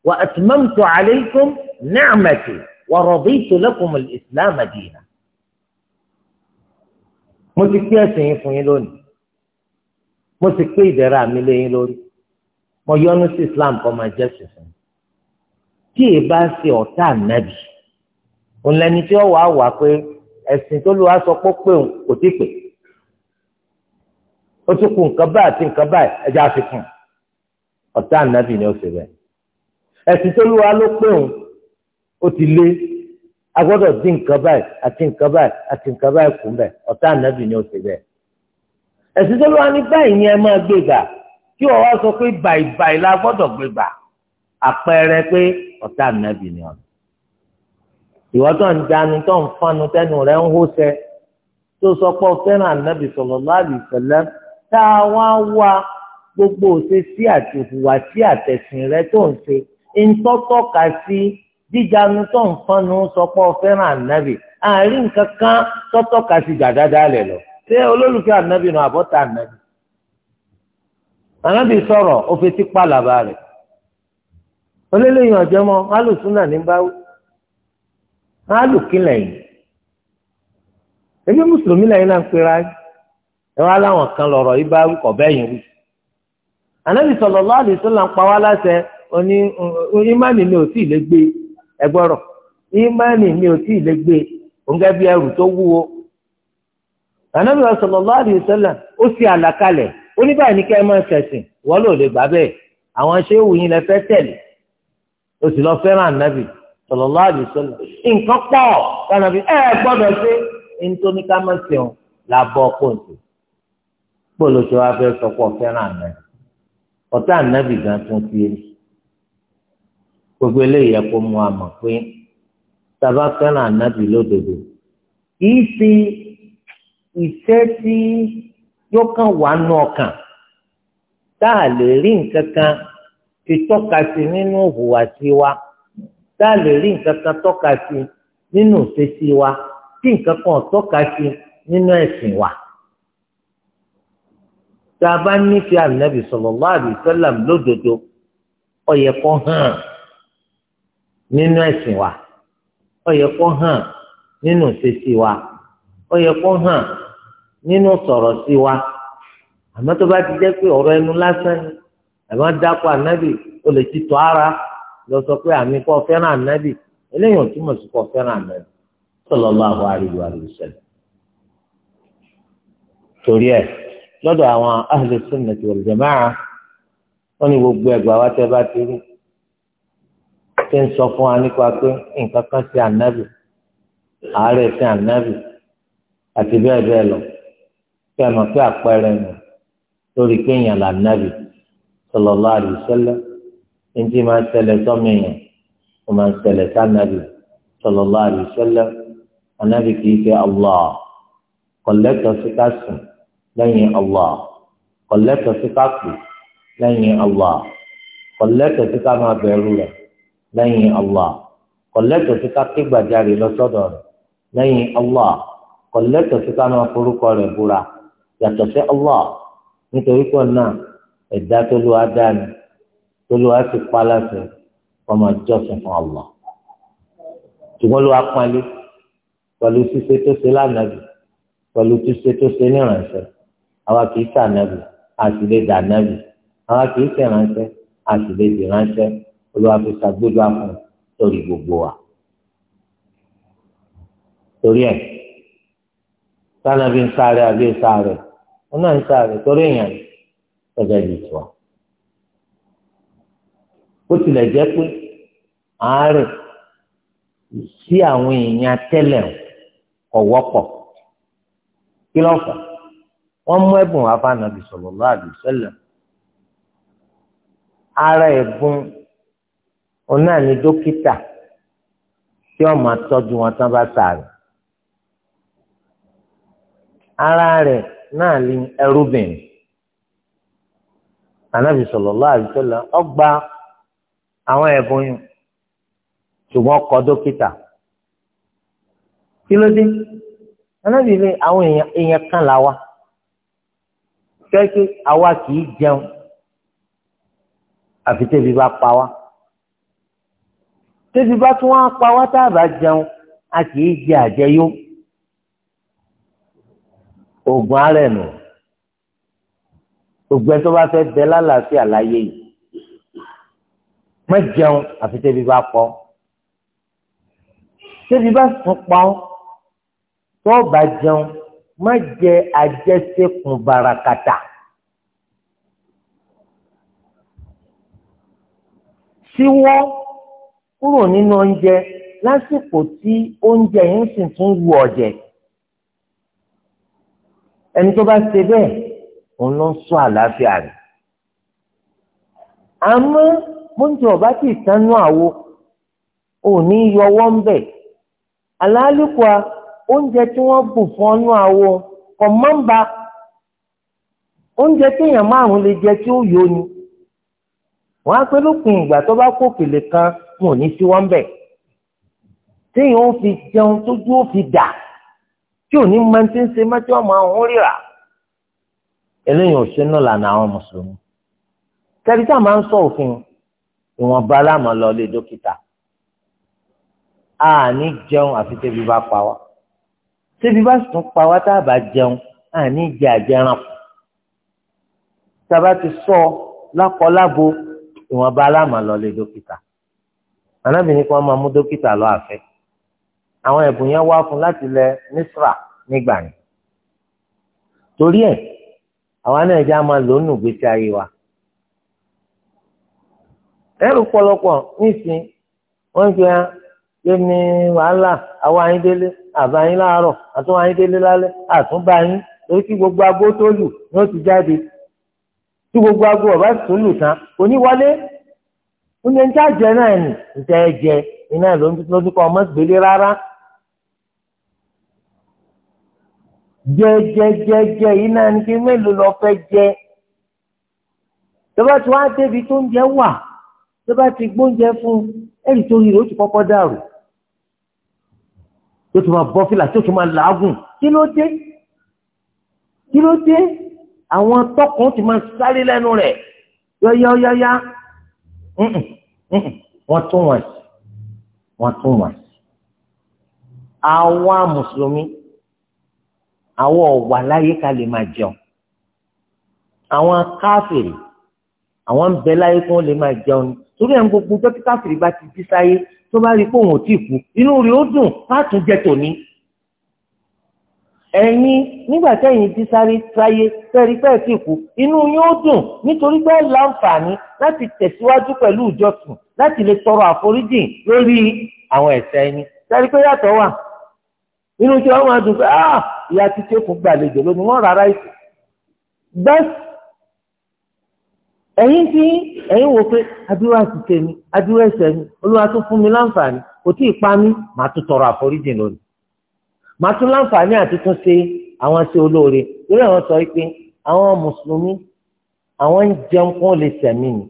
wa atmamtu alaykum ni'mati wa raditu lakum al-islam diina mo ti pé ẹ̀sìn yín fún yín lónìí mo ti pé ìdẹ̀ra mi lé yín lórí mo yọ́nú sí islam kó máa jẹ́ sísun tí ì bá ṣe ọ̀tá ànábì òun lẹni tí ó wàá wà pé ẹ̀sìn tó lù wá sọ pé pé òun kò tí pè ó tún kù nǹkan báyìí àti nǹkan báyìí ẹja fi kùn ọ̀tá ànábì ni ó ṣe bẹ́ẹ̀ ẹ̀sìn tó lúwa ló pé òun ó ti lé a gbọ́dọ̀ dín nǹkan báyìí àti nǹkan báyìí àti nǹkan báyìí kù bẹ́ẹ̀ ọ̀tá ànábì ni ó ti bẹ́ẹ̀. ẹ̀sìn tó lúwa ní báyìí ni ẹ máa gbé gbà kí wọ́n wá sọ pé báyìí báyìí la gbọ́dọ̀ gbé gbà àpẹẹrẹ pé ọ̀tá ànábì ni ọ̀nà. ìwọ tó ń danu tó ń fanu tẹnu rẹ ń hó sẹ tó sọ pé ọ̀fẹ́ràn ànábì sallallahu alaihi wasallam tá a wá wá gbogbo òṣèṣì àti òhùwàsí àtẹ̀sìn rẹ tó ń ṣe ntọ́tọ́ka jíjanu tó ń fọnù sọpọ̀ fẹ́ràn ànábì àárín nǹkan kan tọ́tọ́ka sí lẹ̀ lọ ṣé olólùfẹ́ ànábì nù àbọ̀tà ànábì ànábì sọ̀rọ̀ ó fetí pàlàbà rẹ̀ olóléyìn ọ̀jẹ̀ mọ́ alùsùnà ní báwí ebi mùsùlùmí lẹ́yìn náà ń pera ẹ wá láwọn kan lọ̀rọ̀ kọ̀ bẹ́yìn ànábì pa oní ìmánì mi ò tí ì lè gbé ẹgbọ́rọ̀ ìmánì mi ò tí ì lè gbé òǹgá bí ẹrù tó wúwo. ànábì sallallahu alaihi wasallam ó sì àlàkalẹ̀ ó ní báyìí ní kẹ́ ẹ máa ṣẹ̀sìn wọ́n lò lè gbà bẹ́ẹ̀ àwọn ṣéwù yín lẹ fẹ́ tẹ̀lé o sì lọ fẹ́ràn ànábì sallallahu alaihi wasallam nǹkan pọ̀ kànábì ẹ gbọ́dọ̀ ṣe nítorí ká má ṣeun làbọ̀ pọ̀ǹtì pọ̀lọ́ṣọ́ wa fẹ́ sọ pọ̀ fẹ́ràn ànábì ọ̀tá gan tún fi rí gbogbo eléyìí ẹ̀kọ́ mu àmọ̀ pé sábà fẹ́ràn ànábì lódodo kìí ṣe ìfẹ́ tí yóò kàn wà nù ọkàn tá a lè rí nǹkan kan ti tọ́ka sí nínú ìhùwàsí wa tá a lè rí nǹkan kan tọ́ka sí nínú ìṣesí wa tí nǹkan kan tọ́ka sí nínú ẹ̀sìn wa. tá nífẹ̀ẹ́ ànábì sallallahu alaihi wasallam lódodo ó yẹ hàn nínú ẹ̀sìn wa ó yẹ kó hàn nínú ìṣesí wa ó yẹ kó hàn nínú sọ̀rọ̀ sí wa àmọ́ tó bá ti jẹ́ pé ọ̀rọ̀ ẹnu lásán ni àmọ́ ànábì ó lè ara lọ sọ pé àmì kọ́ fẹ́ràn ànábì eléyìí ò túmọ̀ sí kọ́ fẹ́ràn ànábì sallallahu alaihi wa torí lọ́dọ̀ àwọn gbogbo ẹgbàá wa tí ń sọ fún wa nípa pé nǹkan kan sí ànábì àárẹ̀ sí ànábì àti bẹ́ẹ̀ bẹ́ẹ̀ lọ kí ẹ mọ̀ pé àpẹẹrẹ nù lórí pé èèyàn là ànábì ní tí máa ń ṣẹlẹ̀ sọ́mi èèyàn ó máa ń ṣẹlẹ̀ ànábì ṣe Allah kọ̀lẹ́tọ̀ sí ká sùn lẹ́yìn Allah kọ̀lẹ́tọ̀ sí ká lẹ́yìn allah kọ̀lẹ́tọ̀ tí ká ké gbàjarè lọ́sọ̀dọ̀ rẹ̀ lẹ́yìn allah kọ̀lẹ́tọ̀ tí ká máa forúkọ rẹ̀ búra yàtọ̀ allah nítorí pọ̀ náà ẹ̀dá tó ló wá ni tó ló ti ọmọ allah ṣùgbọ́n ló wá pẹ̀lú ṣíṣe tó ṣe lánàbì pẹ̀lú ṣíṣe tó ṣe àwa dànàbì àwa olúwa fi ṣàgbéga fún lórí gbogbo wa. torí ẹ sanabi ń sáré àbí sáré wọn náà ń sáré torí èèyàn gẹ́gẹ́ bíi tiwa. ó tilẹ̀ jẹ́ pé àárẹ̀ sí àwọn èèyàn tẹ́lẹ̀ ọ̀wọ́pọ̀ kí ló fà wọ́n mú ẹ̀bùn afánàbì sallallahu alaihi wasallam ara ẹ̀bùn òun náà ni dókítà tí ó máa tọ́jú wọn tán bá sàárẹ̀ ara rẹ̀ náà ni ẹrúbìnrin anabi sallallahu alaihi wasallam ọgbà àwọn ẹbùn yìí ṣùgbọ́n kọ dókítà kí ló dé anabi ní àwọn èèyàn kan là wá kẹ́kẹ́ àwa kì í jẹun àfi tẹ́bi bá pa wá tẹ́bi bá tún wọ́n pa wá tá a bá jẹun a kì í jẹ àjẹyó oògùn ara ẹ̀nù oògùn ẹ̀ tó bá fẹ́ bẹ lálàáfíà láyé yìí má jẹun àfi tẹ́bi bá pọ̀ tẹ́bi bá sùn pa ọ́ tó bá jẹun má jẹ àjẹsẹ́kùn bàràkàtà. síwọ́ kúrò nínú oúnjẹ lásìkò tí oúnjẹ yẹn sì tún wù ọ̀jẹ̀ ẹni tó bá ṣe bẹ́ẹ̀ òun ló ń sọ àlàáfíà rẹ̀ àmọ́ bóńjẹ ọ̀bá ti tánú àwo ò ní yọwọ́ ń bẹ̀ àlálùkọ́ oúnjẹ tí wọ́n bù fún ọnú àwo kò mọ́ ń ba oúnjẹ téèyàn márùn lè jẹ tí ó yó ni wọ́n á pé lópin ìgbà tó bá kó òkèlè kan wọn ò ní sí wọn bẹ̀ téèyàn ó fi jẹun tójú ó fi dà tí ò ní máa ti ń ṣe mẹ́tí ọmọ àwọn ríra eléyìí ò ṣe náà lànà àwọn mùsùlùmí tẹ̀lé tá a máa ń sọ òfin ìwọ̀nba láàmú lọ lé dókítà a ní jẹun àfi tẹ́bi bá pa wá tẹ́bi bá sùn pa wá tá a bá jẹun a ní jẹ àjẹrán tá ti sọ lákọ ìwọ̀nba láàmú lọ lé dókítà anábìnrin kan máa mú dókítà lọ àfẹ àwọn ẹ̀bùn yẹn wá fún láti lẹ nísra nígbà yẹn torí ẹ̀ àwa náà ẹja máa lò gbèsè ayé wa ẹrù pọ̀lọpọ̀ nísìn wọn ń gbìyànjú yé ni wàhálà àwa yín délé àbá yín láàárọ̀ àtún wáyé délé lálẹ́ àtúnbá yín torí kí gbogbo agbó tó lù ni ó ti jáde tí gbogbo agbó ọba tó lù tán oníwálé oúnjẹ níta jẹ náà nì níta ẹ jẹ iná lójú kan ọmọ gbélé rárá jẹjẹjẹjẹ iná ni kí mélòó lọ fẹ́ jẹ tọba tí wàá débi tó ń jẹ wà tọba ti gbóúnjẹ fún ẹni tó yìí ló ti kọ́kọ́ dàrú tó tún máa bọ́ fìlà tó tún máa làágùn kí ló dé kí ló dé àwọn tọkùn ti máa sáré lẹ́nu rẹ̀ yọyọyọyá wọ́n tún wọ̀n sí wọ́n tún wọ̀n sí. àwa mùsùlùmí àwọn ọ̀wà láyé ká lè máa jẹun àwọn káfìrì àwọn ń bẹ láyé kó lè máa jẹun torí ẹ̀ ń gbogbo dókítà fìrí ti dí tó bá rí i pé òun ò tí kú inú rẹ̀ ó dùn fáàtúnjẹ tòní ẹ̀yin nígbà tẹ́yìn ti sáré sáyé tẹ́rí pẹ́ẹ́ sì kú inú yóò dùn nítorí pé láǹfààní láti tẹ̀síwájú pẹ̀lú ìjọsìn láti lè tọrọ àforíjìn lórí àwọn ẹ̀ṣẹ̀ ẹni tẹ́rí pé yàtọ̀ wà inú tí wọ́n máa dùn pé ah ìyá ti tí ó kún gbàlejò lónìí wọ́n rárá ìsì bẹ́ẹ̀ ẹ̀yin tí ẹ̀yin wò pé adúrà ti tèmi adúrà ẹ̀ṣẹ̀ mi olúwa tó fún mi láǹfààní kò tí ì pa mí màá tó tọrọ àforíjìn lónìí màá tún láǹfààní àti tún ṣe àwọn ṣe olóore lórí àwọn sọ pé àwọn mùsùlùmí àwọn ń jẹun kó lè sẹ̀mí ni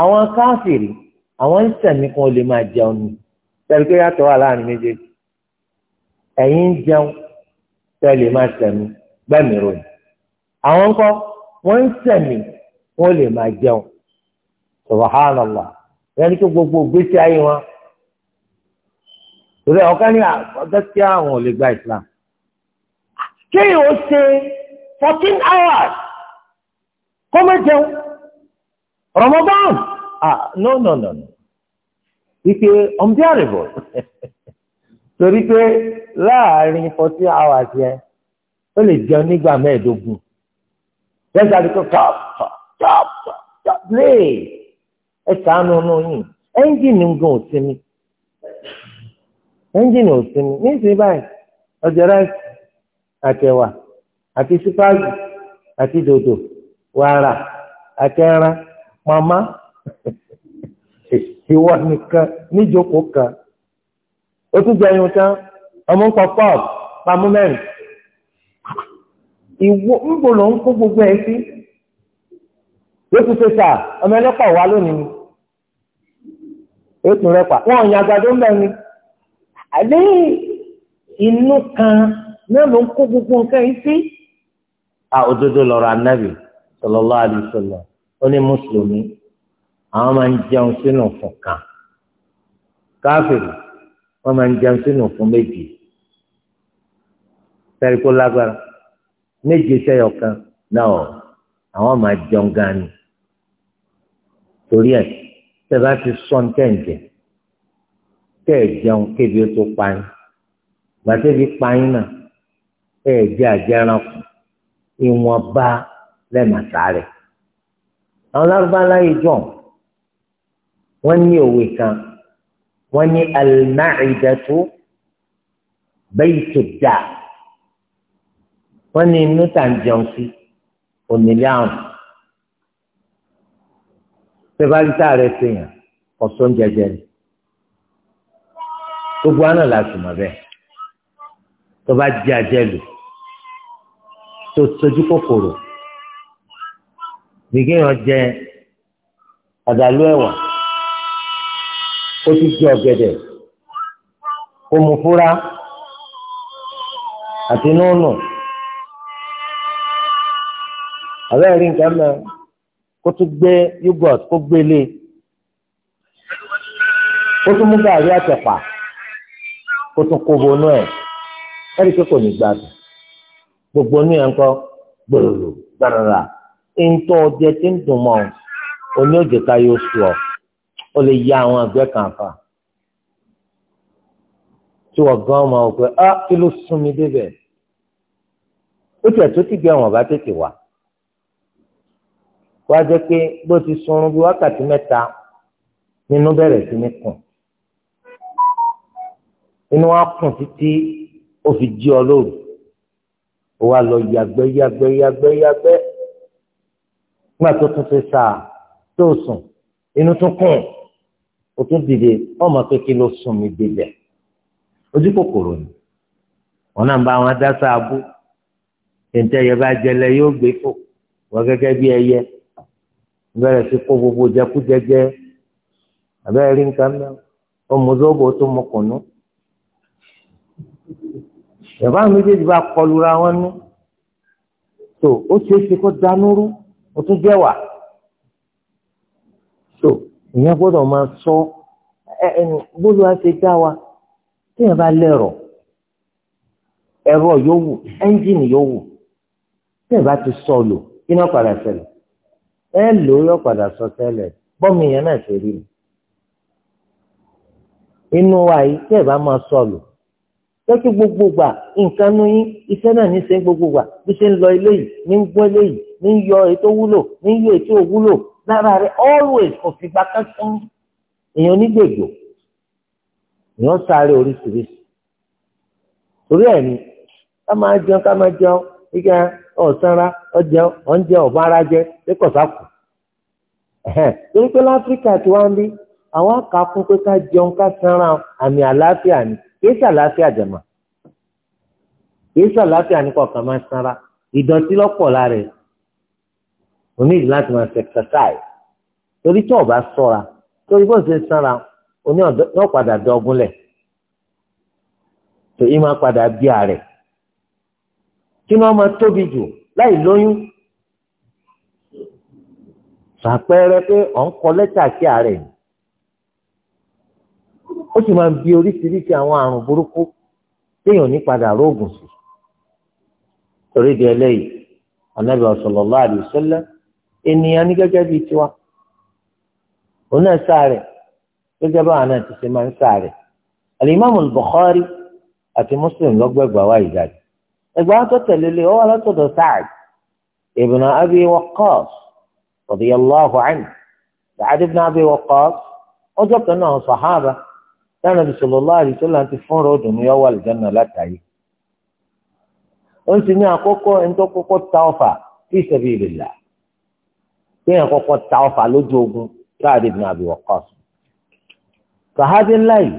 àwọn káfìrí àwọn ń sẹ̀mí kó lè máa jẹun ni tẹ̀lé pé yàtọ̀ wà láàrin méjèèjì ẹ̀yin ń jẹun tẹ̀lé máa sẹ̀mí gbẹ̀mí ròyìn àwọn ńkọ́ wọ́n ń sẹ̀mí kó lè máa jẹun subhanallah yẹn ní kí gbogbo gbèsè ayé wọn torí ọ̀kan ní ọjọ́ tí àwọn ò lè gba Islam kéèyàn ó ṣe fourteen hours kó má jẹun Ramadan ah no no no ike unbearable torí pé láàrin fourteen hours yẹn ó lè jẹun nígbà mẹ́ẹ̀ẹ́dógún lẹ́sẹ̀ àdúgbò tọ́p tọ́p tọ́p tọ́p lè ẹ̀ sànù ọ̀nà yìí ẹ́ńjìnì ń gan òsínmi. ẹ́ńjìnì ò sinmi ní ìsìn báyìí ọjà àtẹ̀wà àti sípáàgì àti dòdò wàrà àti màmá ìwọ nìkan níjókòó kan ó tún jẹun tán ọmọ ń pọpọ pamọ mẹ́rin ìwọ ló ń kó gbogbo ẹ sí yóò tún ni tún rẹpà wọn ò yàn àbí inú kan náà ló ń kó gbogbo nǹkan yìí sí. a òdodo lọ̀rọ̀ anabi sallallahu alaihi wasallam ó ní mùsùlùmí àwọn máa ń jẹun sínú fún kan káfíìrì wọn máa ń jẹun sínú fún méjì sẹ́rí kó lágbára méje sẹ́yọ̀ kan náà àwọn máa jẹun gan ni torí ẹ̀ tẹ́ ti sọ́ńtẹ̀ tẹ́ ẹ̀ jẹun kébi ó tó pa yín gbàtẹ́bi pa yín náà tẹ́ ẹ̀ jẹ́ àjẹránkù ìwọ̀nba lẹ́màtà rẹ̀ àwọn lárúbáwá yìí jọ wọ́n ní òwe kan wọ́n ní alimáìdẹ́tù bẹ́ẹ̀ tó dáa wọ́n ní inú tà ń jẹun sí onílé àrùn tẹ́fàlítà rẹ̀ sèyàn ọ̀sán jẹjẹrẹ gbogbo àná la sì mọ̀ bẹ́ẹ̀ tó bá jẹ́ àjẹlù tó sojú kòkòrò bí kéèyàn jẹ àdàlú ẹ̀wà ó ti jẹ ọ̀gẹ̀dẹ̀ ó mu fúra àti nùnù àbẹ́ rí nǹkan mẹ́ kó tún gbé yogurt kó gbélé kó tún mú gàrí àtẹ̀pà kó tún kó bonú ẹ̀ ẹ̀rí pé kò ní gbádùn gbogbo onú yẹn kọ́ gbòòrò gbàràrà ntọ́ ọjẹ́ tí ń dùn mọ́ oní òjìká yóò sù ọ́ ó lè ya àwọn àgbẹ̀ kan fà tí wọ́n gan ọmọ ọ̀pẹ á kí ló sún mi débẹ̀ ó tiẹ̀ tó ti gbé wọn bá tètè wá wá jẹ́ pé bó ti sunrun bí wákàtí mẹ́ta nínú bẹ̀rẹ̀ sí ní kùn inú wa kùn títí ó fi jí ọ lóru ó wá lọ yàgbẹ́ yàgbẹ́ yàgbẹ́ yàgbẹ́ nígbà tó tún fi sáà tó sùn inú tún kùn ó tún dìde ọmọ pé kí ló sùn mí débẹ̀ ojú kòkòrò ni wọn náà bá wọn dá sáàbù tẹ̀ǹtẹ̀ yẹ bá jẹlẹ yóò gbé fò wọ́n gẹ́gẹ́ bí ẹyẹ bẹ̀rẹ̀ sí kó gbogbo jẹkújẹjẹ abẹ́rẹ́ rí nǹkan náà ó mú tó mọkànnú bàbá méjèèjì bá kọlura wọn nú tó ó ṣeé ṣe kó dánúrú ó tún jẹ́ wà tó ìyẹn gbọ́dọ̀ máa sọ bólú wa ṣe dá wa téèyàn bá lẹ́rọ̀ ẹ̀rọ yóò wù ẹ́ńjìnì yóò wù téèyàn bá ti sọ lò kí ni ó padà ṣẹlẹ̀ ẹ lò ó yọ padà sọ tẹ́lẹ̀ bọ́mù ìyẹn náà ṣe rí inú wa yìí téèyàn bá máa sọ lò tọ́kí gbogbo gbà nǹkan nu yín iṣẹ́ náà ní í ṣe gbogbo gbà bí ṣe ń lọ eléyìí ní ń gbọ́ eléyìí ní ń yọ wúlò ní ń yọ wúlò lára rẹ always kò fi gba kankan èèyàn onígbègbò èèyàn sáré oríṣiríṣi torí ni ká máa jẹun ká máa jẹun gíga ọ̀sánra ọ̀njẹ torí pé láfíríkà tí wọ́n ń bí àwọn kà pé ká jẹun ká àmì àlàáfíà ni. kìí sàlàáfíà jàmà kìí sàlàáfíà nípa ọkàn máa sanra ìdọ̀tí lọ́pọ̀ lára ẹ̀ ní láti máa ṣẹ̀ṣẹ̀ṣáì torí tí ọba sọ́ra torí bó ṣe sanra o ní ọ̀ padà dọ́gúnlẹ̀ tòyí máa padà bí ààrẹ kí ni wọ́n máa tóbi jù láì lóyún pé ọ̀ ń lẹ́tà sí ààrẹ yìí. ó sì máa bí oríṣiríṣi àwọn àrùn burúkú téèyàn ní padà rógùn sí torí di eléyìí anabi sallallahu alaihi wasallam ènìyàn ní gẹ́gẹ́ bíi tiwa òun náà sáré gẹ́gẹ́ báwa náà ti ṣe máa ń sáré alimami Bukhari àti Muslim lọgbẹgbà wa ìjáde ẹgbà tó tẹ̀lé lé ọwọ́ alátọ̀dọ̀ Sa'd ibn Abi Waqqas radiyallahu anhu Sa'd ibn Abi Waqqas ọjọ́ kan náà sàhábà táwọn ibi sọlọ́lá àdìsọ́ là ń ti fún ọ̀rọ̀ ọ̀dùn ní ọwọ́ àlùjáná látàyè ó sì ní àkọ́kọ́ ẹni tó kọ́kọ́ ta ọ̀fà tí ìṣẹ̀bi rẹ̀ là kéèyàn kọ́kọ́ ta ọ̀fà lójú ogun káàdì ibn Abi Waqqas sàhádé ńlá yìí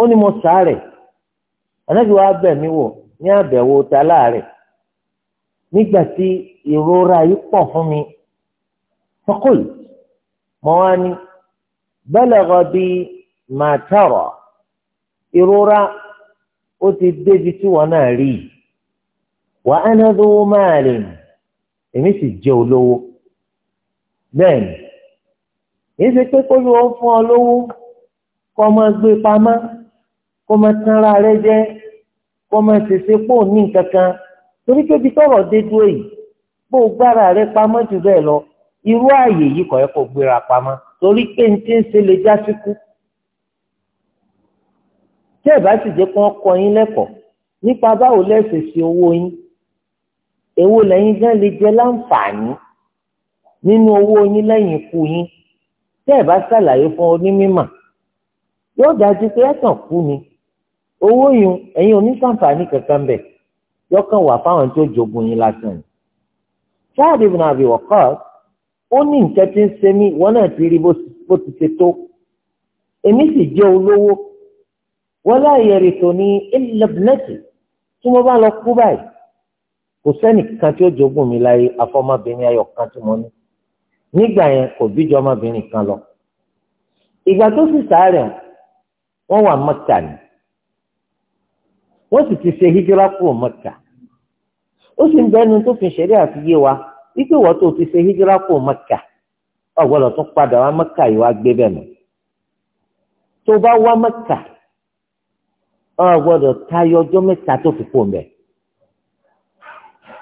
ó ní mo sàárẹ̀ ànábi wa bẹ̀ mí wò ní àbẹ̀wò ta láàrẹ̀ nígbà tí ìrora yìí pọ̀ fún mi fọkùl mọ́ wá ní bẹ́lẹ̀ rọ bíi máa tẹ̀rọ̀ ìrora ó ti débi tí wọn náà rí i wà á ná lówó máa rè mí èmi sì jẹ́ olówó bẹ́ẹ̀ ni èyí ṣe pé kó ló ń fún ọ lówó kó máa gbé pamọ́ kó máa tanra rẹ jẹ kó máa ṣèṣe pò ní kankan torí pé ibi tọrọ dé dúró yìí bó gbára rẹ pamọ́ jù bẹ́ẹ̀ lọ irú ààyè yìí kọ̀ ẹ́ kó gbéra pamọ́ torí pé n ti ń ṣe lè já síkú tẹ́ ẹ̀ bá sì jẹ́ kí wọ́n kọ yín lẹ́kọ̀ọ́ nípa báwo lẹ́sẹ̀ sí owó yín èwo lẹ́yìn gan lè jẹ láǹfààní nínú owó yín lẹ́yìn ikú yín tẹ́ ẹ̀ bá ṣàlàyé fún onímọ̀ yóò dájú pé ẹ̀tàn kú ni owó yun ẹ̀yin oníṣàǹfààní kankan bẹ̀ yọkàn wà fáwọn tó jogun yín lásán ni. Saad ibn Abi Waqqas ó ní nǹkan tí ń ṣe mí ìwọ náà ti rí bó ti ṣe tó èmi sì jẹ́ olówó wala yarithuni illa ibnati tí mo bá lọ kú báyìí kò sẹ́nìkan tí ó jogún mi láyé afọmọbìnrin ayọ̀ kan tí mo ní nígbà yẹn kò bíjọ ọmọbìnrin kan lọ ìgbà tó sì sáré wọn wà Mẹ́kà ni wọ́n sì ti ṣe hijira kúrò Mẹ́kà ó sì ń bẹnu tó fi ṣẹlẹ̀ àti yé wa wípé wọ́n tó ti ṣe hijira kúrò Mẹ́kà ọ̀gbọ́dọ̀ tún padà wá Mẹ́kà yìí wá gbé bẹ́ẹ̀ mọ́ tó bá wá Mẹ́kà ọ gbọ́dọ̀ tayọ ọjọ́ mẹ́ta tó fi kó mbẹ.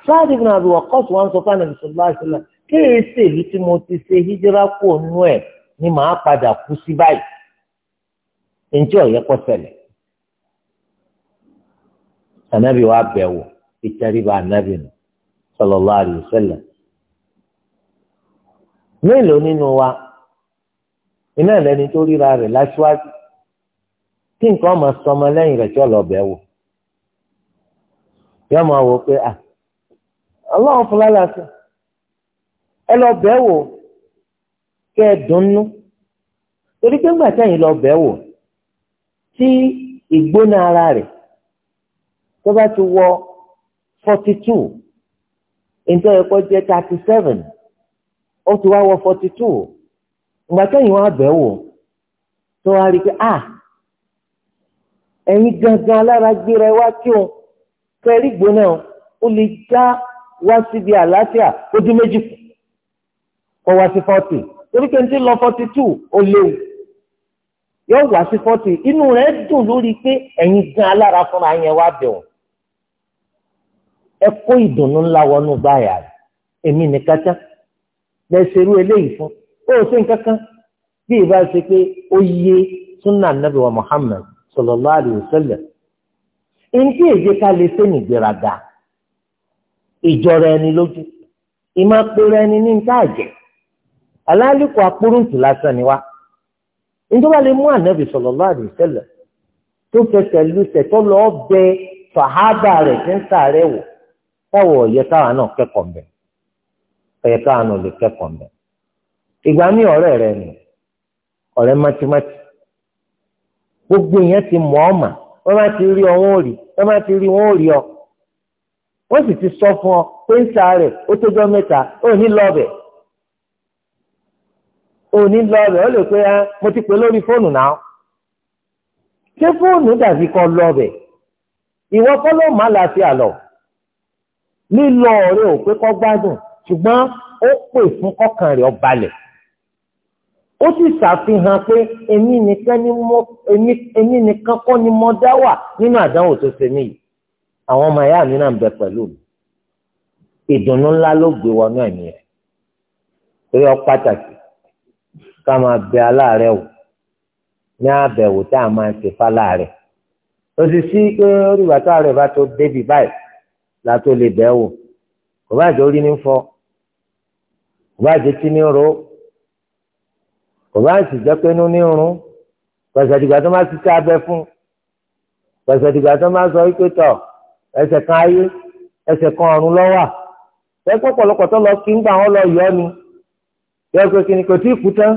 sáàdì ibùdó àbí wọ́n kọ́sù wọn sọ fún àbísọ̀lá àṣìlá kéèsì èyí tí mo ti ṣe híjírà kó nú ẹ̀ ni màá padà kú sí báyìí. ǹjẹ́ ọ̀yẹ́ kọ́ ṣẹlẹ̀? ànábì wa bẹ̀wò ìtẹríba ànábì nù sallallahu alaihi wasallam. mélòó nínú wa iná ìlẹ́ni tó ríra rẹ̀ láṣíwájú tí nǹkan ọmọ sọmọ lẹ́yìn rẹ̀ tí ọlọbẹ wò yọọ máa wò pé à ah, Ọlọ́run fúnra lásán ẹ lọ bẹ̀ wò kẹ́ ẹ dunnú torí pé ńgbà tẹ̀yìn lọ bẹ̀ wò tí ìgbóná ara rẹ̀ tó bá ti wọ forty two nítorí ẹ̀kọ́ jẹ́ thirty seven ó ti wá wọ forty two ìgbà tẹ̀yìn wá bẹ̀ wò tó wá rí i pé à. Ah, ẹ̀yin gangan alára gbéra ẹ wá kí o kẹrí gbóná o lè já wá síbi àlàáfíà ó dín méjì kù kọ wá sí fọ́tì torí pé n ti lọ fọ́tì tù ó léwu yóò wá sí fọ́tì inú rẹ̀ dùn lórí pé ẹ̀yin gan alára fúnra yẹn wá bẹ̀ wọ́n ẹ kó ìdùnnú ńlá wọnú báyà èmi nìkan tán lẹ́sẹ̀rú eléyìí fún ó sì ń kankan bí ìbá ṣe pé ó yé súnà nàbẹ̀wá Muhammad sallallahu alaihi wasallam ntí èdè ká lè fẹ́ nìgbéraga ìjọra ẹni lójú ìmọ̀ pèrè ẹni ní nta àjẹ́ alálùkò apúrúǹtì lásán ni wá níjọba lè mú ànábì sallallahu alaihi wasallam tó fẹsẹ̀ lùsẹ̀ tó lọ́ọ́ bẹ fàhábà rẹ̀ tí ń sàárẹ̀ wò táwọn ọ̀yẹ́ káwọn náà kẹ́kọ̀ọ́ mbẹ́ ọ̀yẹ́ káwọn náà lè kẹ́kọ̀ọ́ mbẹ́ ìgbà ní ọ̀rẹ́ rẹ̀ nù ọ̀rẹ́ mátímátì gbogbo èèyàn ti mọ̀ ọ́ mà wọ́n bá ti rí ọ wọ́n ò rí wọ́n bá ti rí wọ́n ò rí ọ. wọ́n sì ti sọ fún ọ pé ń sa rẹ̀ ó tójọ́ mẹ́ta ó ní lọ́ọ̀bẹ̀ ó ní lọ́ọ̀bẹ̀ ó lè pé ah, mo ti pè lórí fóònù náà ṣé fóònù dàbí kan lọ́ọ̀bẹ̀ ìwọ kọ́ ló má láàfin àlọ́ lílọ ọ̀rẹ́ ò pé kọ́ gbádùn ṣùgbọ́n ó pè fún kọ́kàn rẹ̀ balẹ̀ ó sì ṣàfihàn pé èmi nìkan kọ́ ni mo dá wà nínú àdánwò tó ṣe mí yìí àwọn ọmọ ẹ̀yà mi náà ń bẹ pẹ̀lú mi ìdùnnú ńlá ló gbé wọnú ẹ̀mí rẹ̀ torí ọ pàtàkì ká máa bẹ aláàárẹ̀ wò ní àbẹ̀wò tá a máa ṣe fáláàárẹ̀ ó sì sí pé orí bàtà rẹ̀ bá tó débi báyìí la tó lè bẹ̀ wò kò bá jẹ́ orí ní fọ́ kò bá jẹ́ tí ní ro kò bá sì jẹ́ pé inú ní irun pẹ̀sẹ̀ dìgbà tó máa ṣiṣẹ́ abẹ fún pẹ̀sẹ̀ dìgbà tó máa sọ wípé tọ̀ ẹsẹ̀ kan ayé ẹsẹ̀ kan ọ̀run lọ́wà ẹgbẹ́ pọ̀lọpọ̀ tó lọ kí ń gbà wọ́n lọ yọ ni yọ pé kí ni kò tí ì kú tán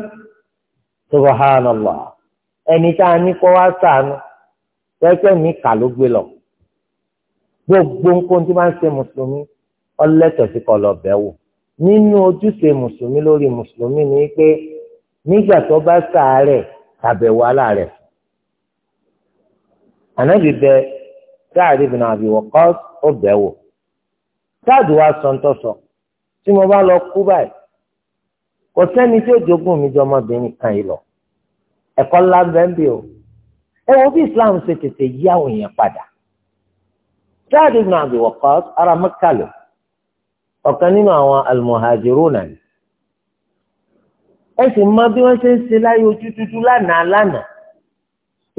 subhanallah ẹni tá a ní kó wá sànù pẹ́pẹ́ mi kà ló gbé lọ gbogbo nǹkan tí wọ́n ń ṣe mùsùlùmí ọlẹ́tọ̀ sí kọ́ lọ bẹ̀ wò nínú ojúṣe mùsùlùmí lórí mùsùlùmí ni pé nígbà tó bá sàárẹ̀ tàbẹ̀wò aláàrẹ̀. ànábì bẹ Sa'd ibn Abi Waqqas ó bẹ̀ wò Sa'd wa sọ̀ntọ̀sọ̀ tí mo bá lọ kú báyìí kò sẹ́ni tí ó jogún mi jọ ọmọbìnrin kan yìí lọ ẹ̀kọ́ ńlá bẹ́ẹ̀ bí o ẹ wo bí Islam ṣe tètè yí àwọn èèyàn padà Sa'd ibn Abi Waqqas ara Mẹ́kà ọ̀kan nínú àwọn al-Muhajiruna ni. ẹ sì mọ bí wọ́n ṣe ń ṣe láyé ojú dúdú lánàá lánàá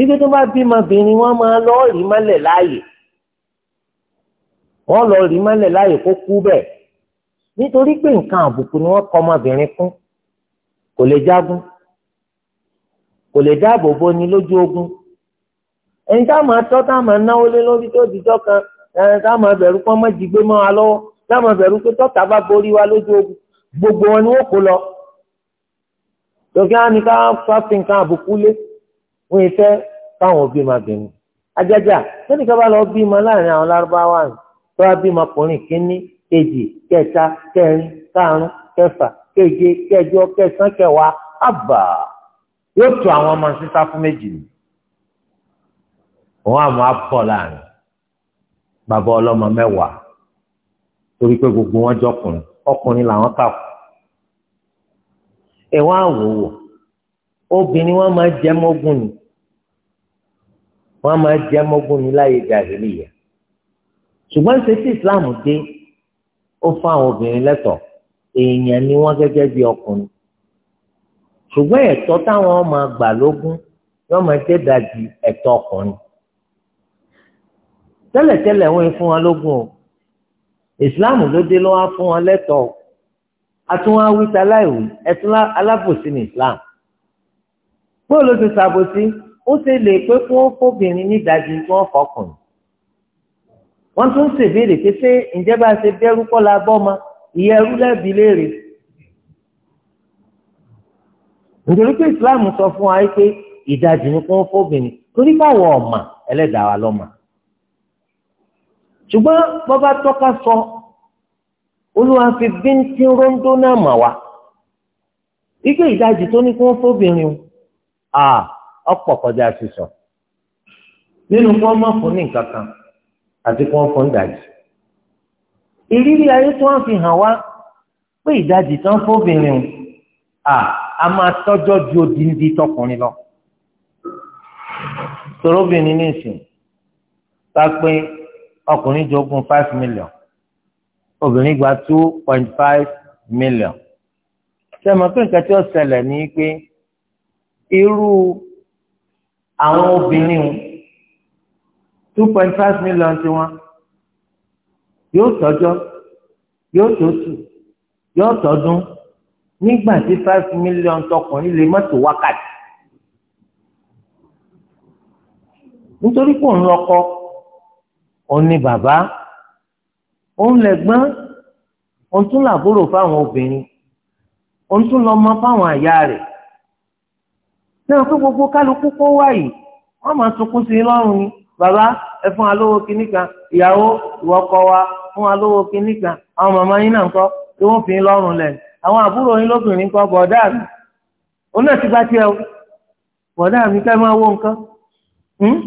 ibi tó bá bímọ obìnrin wọn máa lọ rí mọ́lẹ̀ láàyè wọn lọ rí mọ́lẹ̀ láàyè kó kú bẹẹ nítorí pé nǹkan àbùkù ni wọn kọ ọmọbìnrin kún kò lè jagun kò lè dáàbò bo ni lójú ogun ẹni tá a máa tọ́ tá máa náwó lé lórí tó dijọ́ kan ẹni tá a máa bẹ̀rù pọ́n mọ́ jí gbé mọ́ wa lọ́wọ́ tá a máa bẹ̀rù pé tọ́ta bá borí wa lójú ogun gbogbo wọn ni wọ́n kó lọ lọ́kẹ́ á ní ká fáfin kan àbùkù lé wọ́n yìí fẹ́ káwọn òbí máa bẹ̀rù ajájà sẹ́ni ká bá lọ bí ma láàrin àwọn lárúbáwá ni tó bá bí ma ọkùnrin kínní kejì kẹta kẹrin karùn kẹfà keje kẹjọ kẹsàn kẹwàá àbà yóò tó àwọn ọmọ sísá fún méjì ni wọn àmọ́ abọ láàrin bàbá ọlọ́mọ mẹ́wàá torí pé gbogbo wọn jọkùnrin ọkùnrin làwọn kà kù ẹ wá wòwò obìnrin wọn máa jẹ mọ́gùn ni wọn máa jẹ mọ́gùn ni láyé jàhìlìyà ṣùgbọ́n ṣe tí islam dé ó fún àwọn obìnrin lẹ́tọ̀ọ́ èèyàn ni wọ́n gẹ́gẹ́ bí ọkùnrin ṣùgbọ́n ẹ̀tọ́ táwọn máa gbà lógún yóò máa jẹ́ dàjì ẹ̀tọ́ ọkùnrin tẹ́lẹ̀tẹ́lẹ̀ wọ́n fún wọn lógún o islam ló dé ló fún wọn lẹ́tọ̀ọ́ àtúnwá wíta aláìwí ẹtún alábòsí ní Islam bóòlù ti ṣàbòsí ó ṣe lè pé fún fóbìnrin nídàájí tí wọ́n fọkùnrin wọ́n tún ṣèbéèrè pé ṣé ǹjẹ́ bá ṣe bẹ́rù kọ́ la bọ́ ma ìyẹn ẹrú lẹ́bi léèrè nítorí pé Islam sọ fún wa pé ìdajì ni fún fóbìnrin torí báwọ̀ ọ̀mà ẹlẹ́dàá wa lọ́mà ṣùgbọ́n bọ́bá tọ́ka sọ. So, olúwa fi bíntín ròǹdó náà mà wá ike ìdajì tó ní kí wọ́n fóbìnrin à ọ̀pọ̀ kọjá sísọ nínú kí wọ́n má fún ní nǹkan kan àti kí wọ́n fún ìdajì ìrírí ayé tí wọ́n fi hàn wá pé ìdajì tán fóbìnrin à a máa tọ́jọ́ ju odindi tọkùnrin lọ torobìnrin ní ìsìn tá pé ọkùnrin jogún five million obìnrin gba two point five million ṣe mọ̀ pé nǹkan tí ó ṣẹlẹ̀ ni pé irú àwọn obìnrin two point five million ti wọn yóò tọ́jọ́ yóò tóṣù yóò tọ́dún nígbà tí five million tọkùnrin lè mọ́tò wákàtí nítorí pé òun lọ́kọ òun ni bàbá òun le òun tún làbúrò fáwọn obìnrin òun tún lọ́mọ fáwọn àyà rẹ̀ náà pé gbogbo kálukú kó wá yìí wọ́n máa sunkún sí lọ́rùn ni bàbá ẹ fún wa lówó kínní kan ìyàwó ìwọ kọ wa fún wa lówó kínní kan àwọn màmá yín náà ń kọ́ tí wọ́n fi ń lọ́rùn lẹ̀ àwọn àbúrò yín lóbìnrin kọ́ bọ̀dá mi òun náà ti bá o bọ̀dá mi kẹ́ máa wó hmm?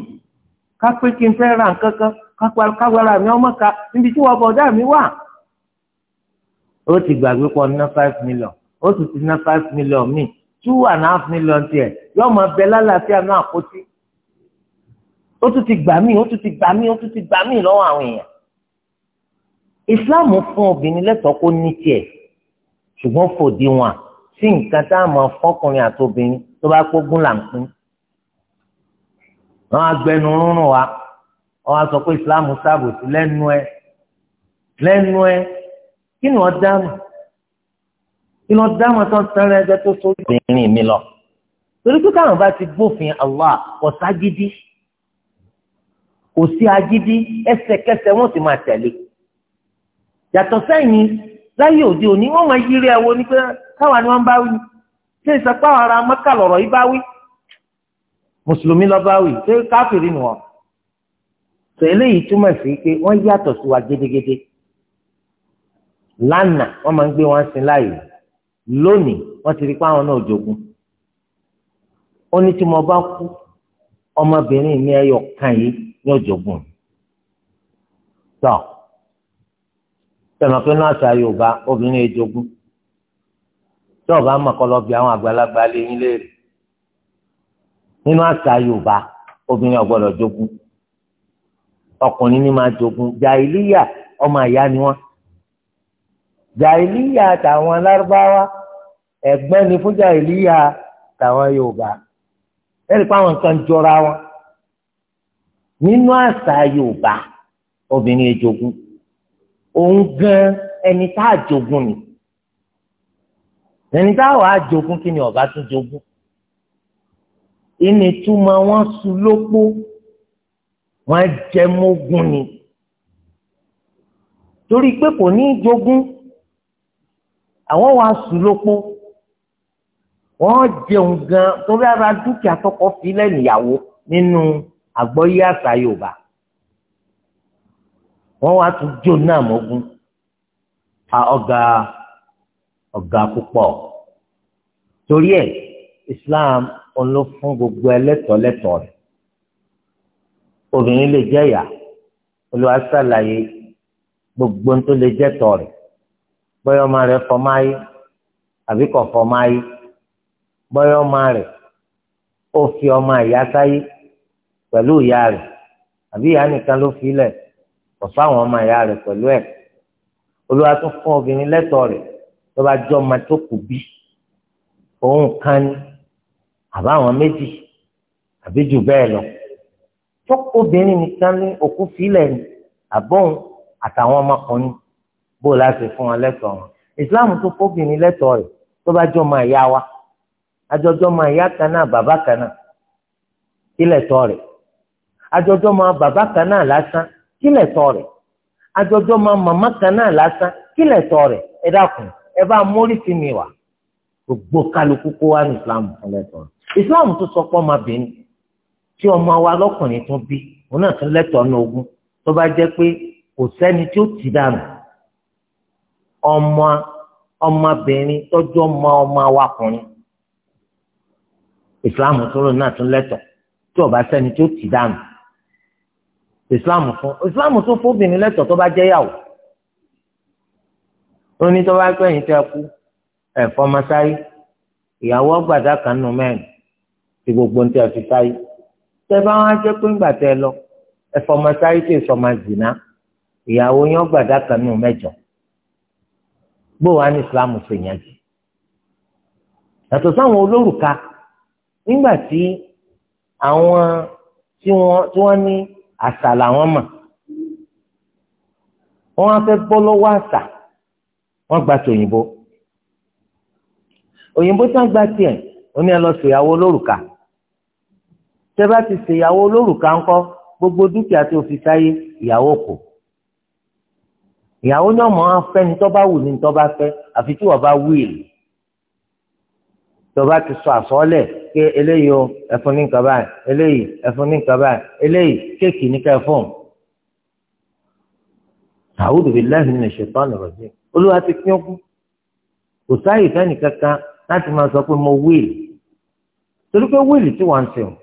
n fẹ́ ra nǹkan kan kágbára mi ọmọ ka níbi tí wọ́n bọ̀dá mi wà. ó ti gbàgbé pọ̀ ná five million ó sì ti ná five million mi two and a half million tiẹ̀ yóò máa bẹ lálàáfíà náà àpótí. ó tún ti gbà mí ó tún ti gbà mí ó tún ti gbà mí lọ́wọ́ àwọn èèyàn. Islam fún obìnrin lẹ́tọ̀ọ́ kó ní tiẹ̀ ṣùgbọ́n fòdí wọn sí nǹkan tá a mọ̀ fọkùnrin àti obìnrin tó bá gbógun là ń wọ́n á gbẹnu rúnrún wa wọ́n á sọ pé islam sábòtú lẹ́nu ẹ lẹ́nu ẹ kí ni wọ́n dáhùn kí ni wọ́n dáhùn tó ń sẹ́rẹ́ ẹgbẹ́ tó sórí ìrìn mi lọ torí pé káwọn bá ti gbófin Allah kò ságídí kò sí agídí ẹsẹ̀kẹsẹ̀ wọ́n sì máa tẹ̀lé yàtọ̀ sẹ́yìn láyé òde òní wọ́n máa yírí ẹwọ ní pé káwọn ni wọ́n bá wí ṣé ìsapá ara mọ́kà lọ̀rọ̀ yìí bá wí mùsùlùmí lọ bá wí ṣé káfíìrì nìwọ̀n. sọ eléyìí túmọ̀ sí pé wọ́n yàtọ̀ sí wa gédégédé lánàá wọ́n máa ń gbé wọn sin láàyè lónìí wọ́n ti rí pé àwọn náà jogun ó ní tí mo bá kú ọmọbìnrin mi ẹyọ kan yìí ní òjògùn tọ tẹmọ pé náà ṣá yorùbá obìnrin èjogún tí ọba mọkànlọ bí àwọn àgbàlagbà lé yín léèrè nínú àṣà yorùbá obìnrin ò gbọ́dọ̀ ọkùnrin ni máa jogun jàìlíyà ọmọ àyà ni wọn jàìlíyà tàwọn alárúbáwá ẹ̀gbẹ́ ni fún jàìlíyà tàwọn yorùbá ẹ̀rí pé àwọn nǹkan jọra wọn nínú àṣà yorùbá obìnrin èjogún òun gan ẹni tá a jogún ni ẹni tá a wàá jogún kí ni ọba tún jogún ìnìtúmọ̀ wọn sùn lópó wọ́n á jẹ mógún ni torí pé kò ní í jogún àwọn wa sùn lóko wọ́n jẹun gan torí ara dúkìá tọkọ filẹ̀ níyàwó nínú àgbọ́yé àṣà Yorùbá wọ́n wá tún jó náà mógún a ọ̀gá ọ̀gá púpọ̀ torí ẹ̀ Islam òun ló fún gbogbo ẹlẹ́tọ̀ọ́ lẹ́tọ̀ọ́ obìnrin lè jẹ́ ìyá olùwà sàlàyé gbogbo tó lè jẹ́ tọ̀ rẹ̀ bọ́yọ̀ ọmọ rẹ̀ fọmáyé àbí kò fọmáyé bọ́yọ̀ ọmọ rẹ̀ ó fi ọmọ ìyá sáyé pẹ̀lú ìyá rẹ̀ àbí ìyá nìkan ló fi lẹ̀ kò fáwọn ọmọ ìyá rẹ̀ pẹ̀lú ẹ̀ olùwà tún fún obìnrin lẹ́tọ̀ọ́ rẹ̀ tó bá jọ ọmọ tó kù bí òun kan àbáwọn méjì àbí jù bẹ́ẹ̀ lọ tó obìnrin nìkan ní òkú filẹ̀ ní àbọ̀n àtàwọn ọmọkùnrin bó láti fún wọn lẹ́tọ̀ọ́ wọn ìsìláàmù tó fóbìnrin lẹ́tọ̀ọ́ rẹ̀ tó bá jọ máa yá wa àjọjọ́ máa yá kan náà bàbá kan náà kílẹ̀ tọ́ rẹ̀ àjọjọ́ máa bàbá kan náà lásán kílẹ̀ rẹ̀ àjọjọ́ máa màmá kan náà lásán kílẹ̀ rẹ̀ ẹ dákun ẹ bá mórí sí mi wá gbogbo kálukú kó wá ní ìsìláàmù fún lẹ́tọ̀ọ́ ìsìláàmù tó sọ pé ọmọbìnrin tí ọmọ wa lọ́kùnrin tún bí òun náà tún lẹ́tọ̀ọ́ ní ogún tó bá jẹ́ pé kò sẹ́ni tí ó ti dànù ọmọ ọmọbìnrin tọ́jú ọmọ ọmọ awakùnrin ìsìláàmù tó lò náà tún lẹ́tọ̀ọ́ tí ó bá sẹ́ni tí ó ti dànù ìsìláàmù fún ìsìláàmù tó fóbìnrin lẹ́tọ̀ọ́ tó bá jẹ́ yàwó ó ní tó bá gbẹ̀yìn tẹ́ kú ẹ̀fọ́ masáyé ìyàwó ọgbàdá kan nù mẹ́rin tí gbogbo ń tẹ́ fi sáyé tẹ bá wá jẹ́ pé ńgbà tẹ lọ ẹ̀fọ́mọsáyé tẹ sọmọ zìnà ìyàwó yẹn gbàdá kan nù mẹ́jọ bó wàá ní ìsìlámù ṣe yẹn jù yàtọ̀ sáwọn olórùka nígbà tí àwọn tí wọ́n ní àṣà làwọn mọ̀ wọ́n á fẹ́ bọ́ lọ́wọ́ àṣà wọ́n gba tòyìnbó òyìnbó sáà gba tiẹ̀ ó ní ẹ lọ sèyàwó olórùka tẹ́ bá ti ṣèyàwó olórùka ńkọ́ gbogbo dúkìá tó fi sáyé ìyàwó kù ìyàwó ní ọmọ afẹ́ ni tó bá wù ní tó bá fẹ́ àfi tí wọ́n bá wíìlì tó bá ti sọ àsọlẹ̀ pé eléyìí o ẹfun ní nǹkan báyìí eléyìí ẹfun ní nǹkan báyìí eléyìí kéèkì ní kẹfún. A'udhu billahi minash shaitanir rajim olúwa ti pín okú kò sáyè fẹ́nìkankan láti máa sọ pé mo wíìlì torí pé wíìlì tí wọ́n ń sèwọ̀n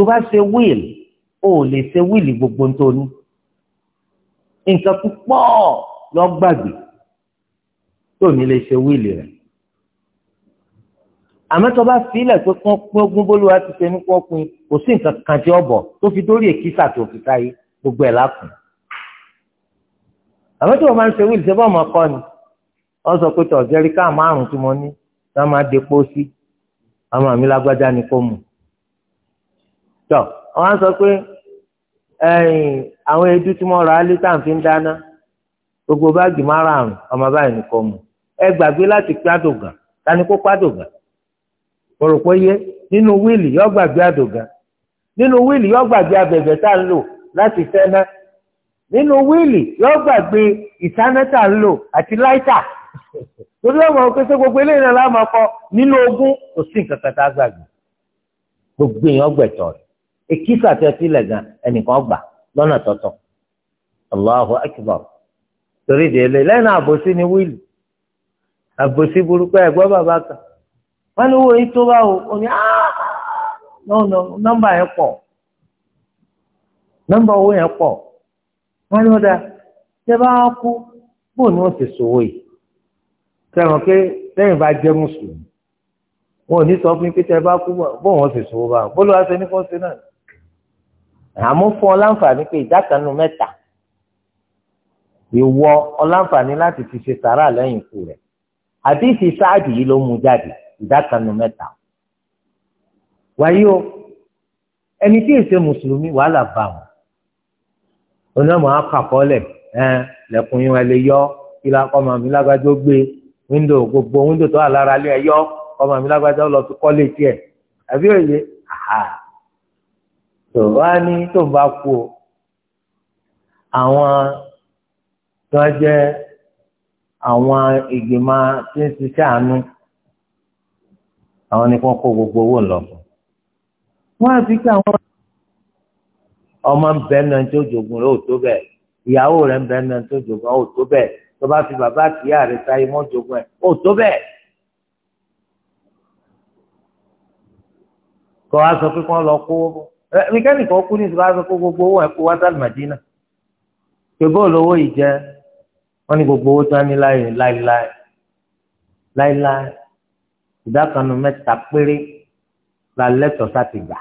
tó bá ṣe wíìlì o lè ṣe wíìlì gbogbo ń tóní nǹkan púpọ̀ lọ gbàgbé tó ní lè ṣe wíìlì rẹ̀ àmọ́ tó bá filẹ̀ pé kán pín ogún bólúwa ti ṣe ní pọ́pin kò sí nǹkan kan tí ó bọ̀ tó fi dórí èkìsà tó fi káyé gbogbo ẹ̀ lákùn àmọ́ tí wọ́n máa ń ṣe wíìlì ṣe bọ́ ọmọ kọ́ ni wọ́n sọ pé tọ̀jẹ́ríkà márùn-ún tí mo ní tá máa depo sí àwọn àmì lágbájá ni kò mú un tọ àwọn sọ pé àwọn edu tí mo rà á fi ń dáná gbogbo báàgì márààrún ọmọ báyìí mu ẹ gbàgbé láti pé tani kó pàdògà yé nínú wíìlì yọ gbàgbé àdògà nínú wíìlì yọ gbàgbé abẹ̀bẹ̀ tá à ń lò láti fẹ́ná nínú wíìlì yọ gbàgbé ìtaná tá à ń lò àti láìtà torí ọmọ gbogbo eléyìí náà nínú èkìsà tẹ sílẹ̀ gan ẹnìkan gbà lọ́nà tọ̀tọ̀ Allahu akbar torí délé lẹ́nu àbòsí ni wíìlì àbòsí burúkú ẹ̀gbọ́n bàbá kan wọ́n ní owó yìí tó bá wò ó ní ah, nọ́mbà yẹn pọ̀ nọ́mbà owó yẹn pọ̀ wọ́n ní wọ́n dá tẹ bá kú bó ni wọ́n ti sòwò yìí sẹ́wọ̀n pé lẹ́yìn bá jẹ́ mùsùlùmí wọn ò ní sọ fún yín pé tẹ bá kú bó wọ́n ti sòwò bá wọn bó ló wá ṣe ní fọ́ọ̀sì náà àmọ́ fún ọ láǹfààní pé ìdá kan nu mẹ́ta ìwọ ọláǹfààní láti fi ṣe sàrà lẹ́yìn ikú rẹ̀ àdìsí sáàdì yìí ló mú jáde ìdá kan nu mẹ́ta wáyé o ẹni tí èsè mùsùlùmí wàhálà bá wọn onímọ̀ akọ̀kọ́lẹ̀ ẹ lẹ́kùn yín wọn lè yọ kílá kọ́mọ mi lágbájọ́ gbé wíńdò gbogbo wíńdò tó wà lára lé ẹ yọ kọ́mọ mi lágbájọ́ lọ sí kọ́lé tiẹ̀ àbí òye àhà tó wá ní tó bá kú o àwọn tó jẹ́ àwọn ìgbìmọ̀ tí ń ṣiṣẹ́ àánú àwọn ni wọ́n kó gbogbo owó lọ wọ́n á fi kí àwọn ọmọ ń bẹ náà tó jogun rẹ ò tó bẹ́ẹ̀ ìyàwó rẹ ń bẹ náà tó jogun rẹ tó bẹ́ẹ̀ tó bá fi bàbá àtìyá rẹ sáyé mọ́ jogun ẹ̀ ò tó bẹ́ẹ̀. kọ́ a sọ pé kí wọ́n lọ kó mẹkáníkì kan kú ní ìsìnkú aṣọ kó gbogbo owó ẹ̀kú wá sáà Màdínà gbogbo olówó yìí jẹ́ wọ́n ní gbogbo owó tó wá ní láìláì láìláì ìdákanu mẹ́ta péré la lẹ́tọ̀ọ́ sáti gbà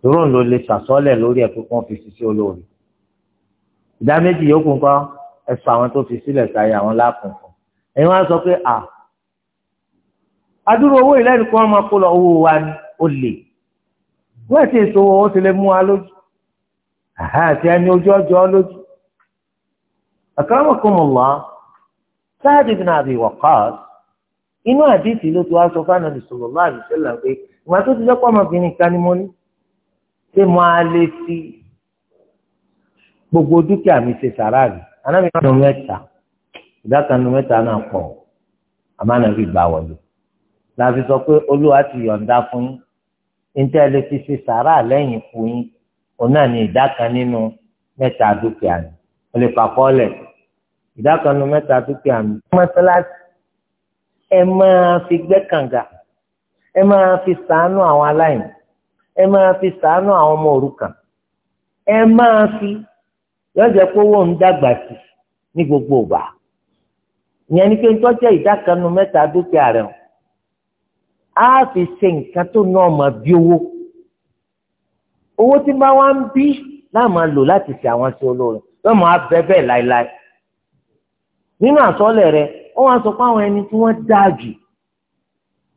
tòrón ló lè sàsọ́lẹ̀ lórí ẹ̀ pé kí wọ́n fi ṣiṣẹ́ olóore ìdá méjì yòókù kan ẹ sọ àwọn tó fi sílẹ̀ sáyé àwọn láàpùn fún ẹ̀yin wá sọ pé à adúrò owó ìlẹ́nu kí wọ́n máa kó lọ owó wa ni ó lè wọ́n ti sọ wọ́n ti lè mú wa lójú àhá àti ẹni ojú ọjọ́ lójú. akramakumullah Sa'd ibn Abi Waqqas inú àdìsí ló ti wá sọ fún Ànábì sallallahu alaihi wasallam pé ìwà tó ti jẹ́ ọmọbìnrin kan ni mo ní ṣé mo á lè fi gbogbo dúkìá mi ṣe sàráàlì Ànábì kan nu mẹ́ta ìdá kan nu mẹ́ta náà pọ̀ àmọ́ Ànábì gbà wọlé la sọ pé Olúwa ti yọ̀ǹda fún yín níta ẹ lè fi ṣe sàárà lẹ́yìn fún yín òun náà ní ìdá kan nínú mẹ́ta dúkìá mi ẹ lè pàkọ́ lẹ̀ ìdá kan nínú mẹ́ta dúkìá mi. mọ́sálásí ẹ máa fi gbẹ́ kànga ẹ máa fi ṣàánú àwọn aláìní ẹ máa fi ṣàánú àwọn ọmọ òrukàn ẹ máa fi yọ̀ọ́dẹ̀ pówó ń dàgbà sí ní gbogbo ìgbà ìyẹn ni pé ń tọ́jú ìdá kan nínú mẹ́ta dúkìá rẹ̀ hàn á fi ṣe nǹkan tó ná ọmọ bí owó owó tí bá wá ń bí láà máa lò láti ṣe àwọn tí olóore lọ́mọ abẹ bẹ́ẹ̀ láéláé nínú àsọlẹ̀ rẹ ó wá sọ pé àwọn ẹni tí wọ́n dáa jù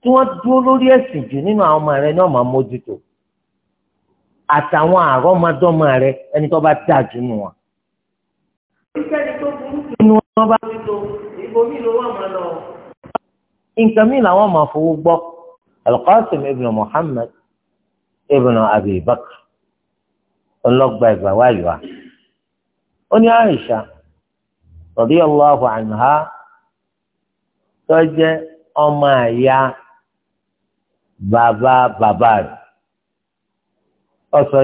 tí wọ́n dúró lórí ẹ̀sìn jù nínú àwọn ọmọ rẹ ní ọmọ mójútó àtàwọn àrọ́mọdọ́mọ rẹ ẹni tó bá dáa jù nù wọn. nǹkan mìíràn làwọn máa fowó gbọ́. alqasim ibn muhammad ibn abi bakr ọlọ́gba ìgbà wáyé aisha anha tó jẹ́ ọmọ àyà bàbá bàbá rẹ̀ ọ sọ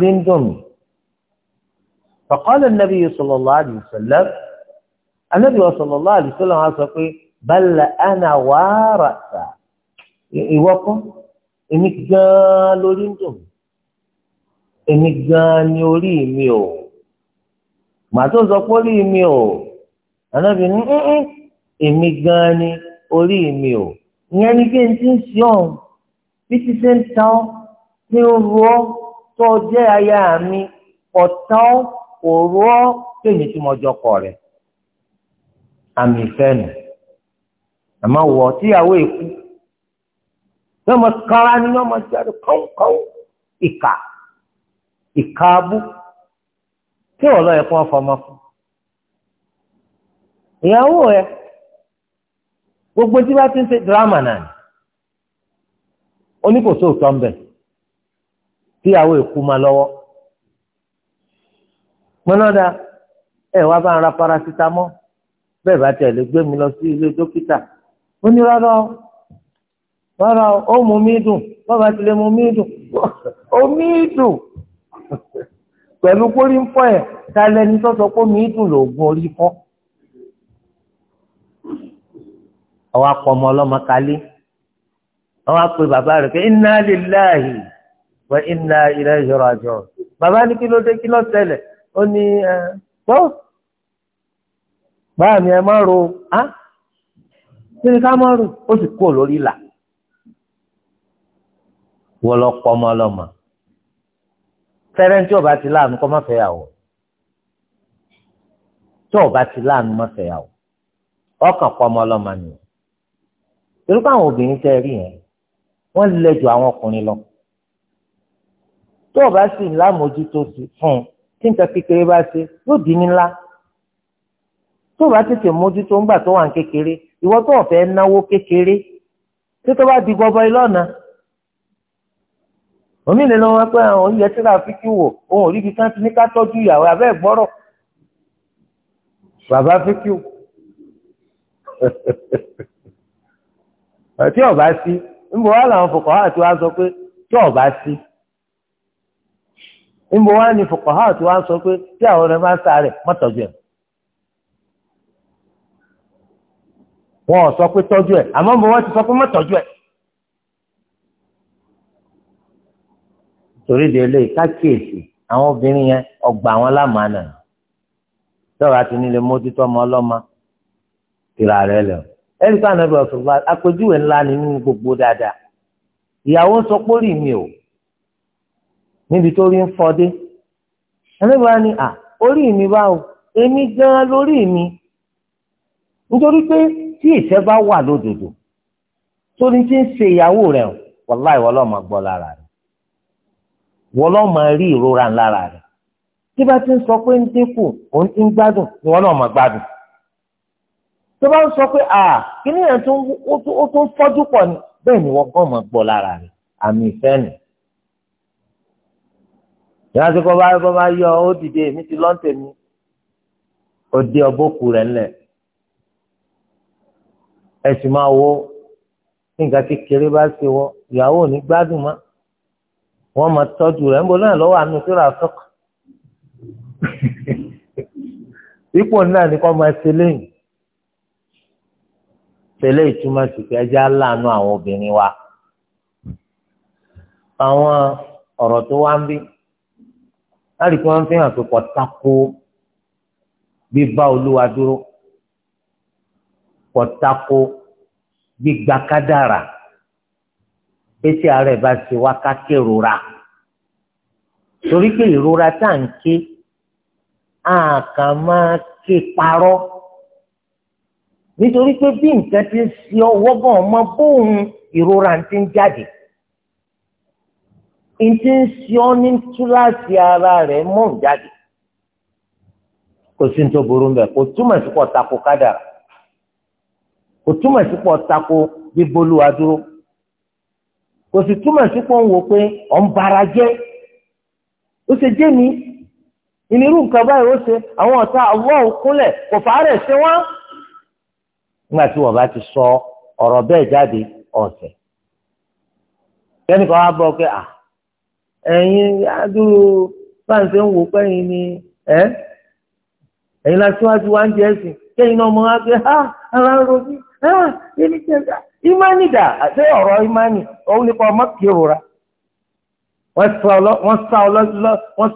pé فقال النبي صلى الله عليه وسلم النبي صلى الله عليه وسلم sọ pé بل أنا وارثة ìwọ kọ́ èmi gan-an lórí ń dùn èmi gan-an ni orí mi ò màtó sọ pé orí mi ò ànábì ní èmi gan-an ni orí mi ò ìyẹn ni kí n ti ń ṣe ọ̀hún bí ti ṣe ń ta ọ́ tí ń ro ọ́ tó jẹ́ aya mi ọ̀tá ọ́. kò rọ tèmi tí mo jọ kọ rẹ̀ àmì ìfẹ́ nù àmọ́ wọ tíyàwó èkú ní ọmọ kára ni ọmọ jáde kọ́ńkọ́ń ìkà ìkà tí ọ̀lọ́ yẹ kó fún ìyàwó ẹ gbogbo tí bá ti ń ṣe dírámà náà ni oníkòsó òtọ́ mọ́nọ́dà ẹ̀ wá bá ń ra parasitamọ́ bẹ́ẹ̀ bá tẹ̀lé gbé mi lọ sí ilé dókítà ó ní rárá o rárá o ó mú mi dùn bọ́ba ti lè mú mi dùn ó mi dùn pẹ̀lú kórí ń fọ́ ẹ̀ ta lẹni tó sọ mi dùn lòògùn orí fọ́. àwa kọ ọlọ́mọ kálí àwa pe bàbá rẹ̀ pé inna lillahi wa inna ilaihi raji'un bàbá ní kí ló dé kí ló ṣẹlẹ̀ ó ní ẹ tó báyà mi ẹ má ro á kí ni ká má ro ó sì kú lórí ìlà wọ́n lọ pọ́ ọmọ ọlọ́mọ fẹ́rẹ́ tí ọba ti láàánú kọ́ má fẹ́ yàwó tí ọba ti láàánú má fẹ́ yàwó ọkàn pọ́ ọmọ ọlọ́mọ ni irú káwọn obìnrin tẹ́ rí yẹn wọ́n lè ju àwọn ọkùnrin lọ tí ọba sì lámòjútó fún un tí nǹkan kékeré bá ṣe yóò di ní ńlá tó o bá tètè mójútó ńgbà tó wà ń kékeré ìwọ tó o náwó kékeré tí tó bá di gbọbọ ilé omi lè lọ pé àwọn oúnjẹ tí ra fi kí wò ohun òríbi kan ti ní ká tọ́jú ìyàwó abẹ́ bàbá fi kí níbo wá ní fòkànhá tí wọ́n sọ pé tí àwọn rẹ̀ máa ń sa rẹ̀ mọ́tọ́jú ẹ̀. wọn ò sọ pé tọ́jú ẹ̀ àmọ́ níbo wọ́n ti sọ pé mọ́tọ́jú ẹ̀. torí de eléyìí kákìyèsí àwọn obìnrin yẹn ọgbà wọn lámàánà tọ́ra ti nílé mójútó ọmọ ọlọ́mọ ìrà rẹ̀ lẹ̀ ẹ̀rí ká nàbẹ̀ ọ̀sùn bá àpèjúwe ńlá nínú gbogbo dáadáa ìyàwó sọ pé rí mi ò níbi tó rí ń fọdé ẹlẹ́gbàá ni à orí mi báwo èmi gan lórí mi nítorí pé tí ìfẹ́ bá wà lódodo torí tí ń ṣe ìyàwó rẹ̀ wàláì wọ́n lọ́ọ́ máa gbọ́ lára rẹ̀ wọ́n lọ́ọ́ máa rí ìrora lára rẹ̀ tí bá ti ń sọ pé ń dínkù òun ti ń gbádùn ni wọ́n náà máa gbádùn tó bá ń sọ pé à kíní yẹn ó tún fọ́jú pọ̀ ni bẹ́ẹ̀ ni wọ́n gbọ́ máa gbọ́ lára rẹ̀ àmì ìfẹ́ nìyẹn ìrántí kọ́ bá kọ́ bá yọ ó dìde èmi ti lọ́ǹtẹ̀ mi ó dé ọbókù rẹ̀ ńlẹ̀ ẹ̀sìn máa wo nǹkan kékeré bá ṣe wọ ìyàwó ò ní gbádùn mọ́ wọ́n máa tọ́jú rẹ̀ ńbọ náà lọ́wọ́ àánú síra sọ́kà ipò náà ni kọ́ máa ṣe lẹ́yìn tẹ̀lé ìtumọ̀ sí pé ẹjẹ́ aláàánú àwọn obìnrin wa àwọn ọ̀rọ̀ tó wá ń bí láti kí wọ́n fi hàn pé kò tako bíbá olúwa dúró kò tako gbígba kádàrà pété ààrẹ bá ṣe wá kákérora torí pé ìrora tá à ń ké a kàn máa ké parọ́ nítorí pé bí nǹkan ti ń ṣe ọwọ́ gan ọmọ bóun ìrora ti ń jáde. ntí ń sọ ní túláàsì ara rẹ̀ mọ̀ ń jáde kò sí ní tó burú mbẹ kò túmọ̀ sí pọ̀ tako kádàrà kò túmọ̀ sí pọ̀ tako bíbolúwa dúró kò sì túmọ̀ sí pọ̀ ń wò pé ọ̀ ń bara jẹ́ ó ṣe jẹ́ mi ìnirú nǹkan báyìí ó ṣe àwọn ọ̀tá ọlọ́run kúnlẹ̀ kò fàárẹ̀ ṣe wọ́n. nígbà tí wọ́n bá ti sọ ọ̀rọ̀ bẹ́ẹ̀ jáde ọ̀sẹ̀. kẹ́nìkan wá bọ́ pé à ah, ẹ̀yin adúrú fáǹsẹ̀ ń wò pẹ́yìn ni ẹ́ ẹ̀yin la síwájú wá ń jẹ́ ẹ̀sìn kẹ́yìn náà mọ́ wá pé ha ah, ara ń rojú ha ah, ẹni tẹ̀ka ìmánì dà àti ọ̀rọ̀ ìmánì òun nípa ọmọ kìrora wọ́n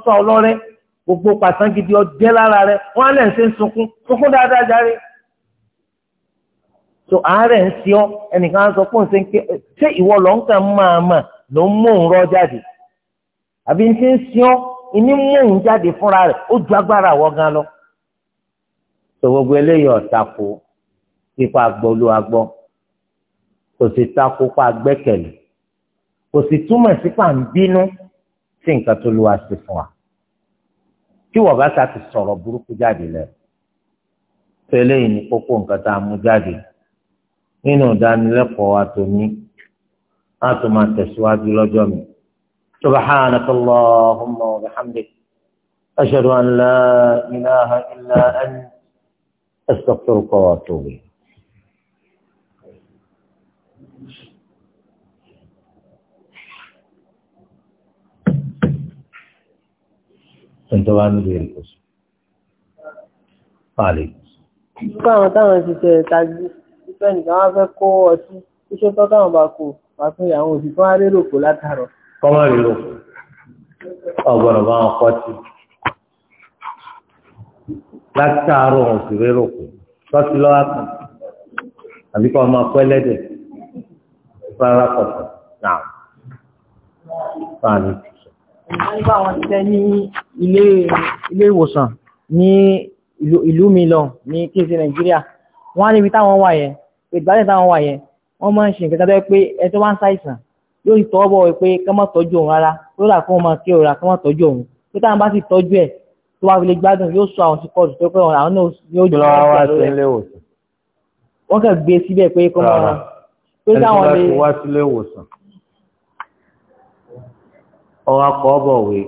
sá ọlọ́rẹ́ gbogbo pàtàkì gidi ọdẹ lára rẹ wọ́n á lẹ̀ ń ṣe ń sunkún sunkún dáadáa járe so àárẹ̀ ń ṣe ọ́ ẹnìkan á sọ pé òun ṣe ń ké ṣé ìwọ lọ́nkàn máa mà ló ń mú òun rọ́ jáde àbí ní ti ń sin ọ́ ìní mú òun jáde fúnra rẹ̀ ó ju agbára àwọ̀ gan lọ. sọ gbogbo eléyìí ọ̀tà kó ipa gbọ́lúwa gbọ́ kò sì ta kópa gbẹ́kẹ̀lé kò sì túmọ̀ sí pà ń bínú sí nǹkan tó lu àṣẹ fún wa tí wọ́n bá ta ti sọ̀rọ̀ burúkú jáde lẹ̀ tẹ́lẹ̀ yìí ní kókó nǹkan tá a mú jáde nínú ìdánilẹ́kọ̀ọ́ wa tó ní lọ́jọ́ mi. سبحانك اللهم وبحمدك أشهد أن لا إله إلا أن أستغفر القواتب انتوان به القسم قالي القسم قام تعالى في تعجيز kọ́mọ̀ rírò ọ̀gbọ̀nọ̀ bá wọn kọ́ ti látàárọ̀ wọn sì rérò kù tọ́sí lọ́wọ́ kan àbí kọ́ ọmọ akọ́ ẹlẹ́dẹ̀ rárá pọ̀tọ̀ náà fáàní. nígbà wọn tẹ ní ilé ilé ìwòsàn ní ìlú mi lọ ní kéèsì nàìjíríà wọn á níbi táwọn wà yẹn ìgbàlẹ̀ táwọn wà yẹn wọn máa ń ṣe nǹkan tó yẹ pé ẹ tó bá ń ṣàìsàn yóò sì tọwọ́ bọ̀ pé ká má tọ́jú òun rárá lórí àkóhùn máa kí òra ká má tọ́jú òun pé táwọn bá sì tọ́jú ẹ̀ tó bá fi lè gbádùn yóò sọ àwọn síkọ́ọ̀tù tó pé àwọn náà yóò jẹ́ wọ́n kàn gbé síbẹ̀ pé kọ́ máa rán pé táwọn lè wá sílé ìwòsàn ọwọ́ akọ ọbọ̀ wé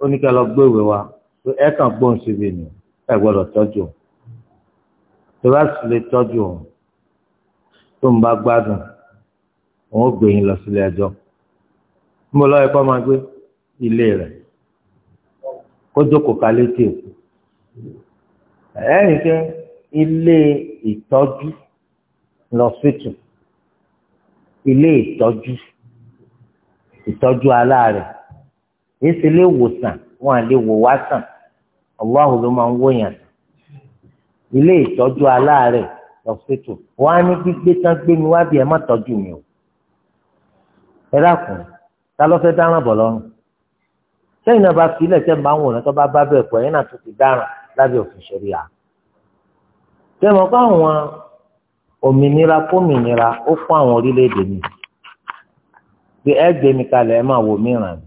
ó ní ká lọ gbé ìwé wa pé ẹ kàn gbóhùn síbi ni ẹ gbọ́dọ̀ tọ́jú òun tó bá sì lè tọ́jú òun tó ń bá gbádùn wọn ò gbé yín lọ sílé ẹjọ níbo lọ ẹ̀kọ́ máa gbé ilé rẹ kó jókòó ka létí èkó ẹ̀ẹ́nì kẹ́ ilé ilé ìtọ́jú ìtọ́jú aláàrẹ̀ èsì lè wòsàn wọn à wò wá sàn ọlọ́hùn ló máa ń wòyàn ilé wọn á ní gbígbé tán gbé mi o. ẹ dákun ta ló fẹ́ dáràn bọ̀ lọ́rùn sẹ́yìn náà bá filẹ̀ tẹ́ máa ń wò náà tó bá bá bẹ́ẹ̀ pọ̀ ẹ̀yìn náà tó ti dáràn lábẹ́ òfin ṣẹ̀ríà tẹ́mọ̀ kọ́ àwọn òmìnira kómìnira ó fún àwọn orílẹ̀-èdè mi pé ẹ gbé mi kalẹ̀ ẹ máa wò mí ràn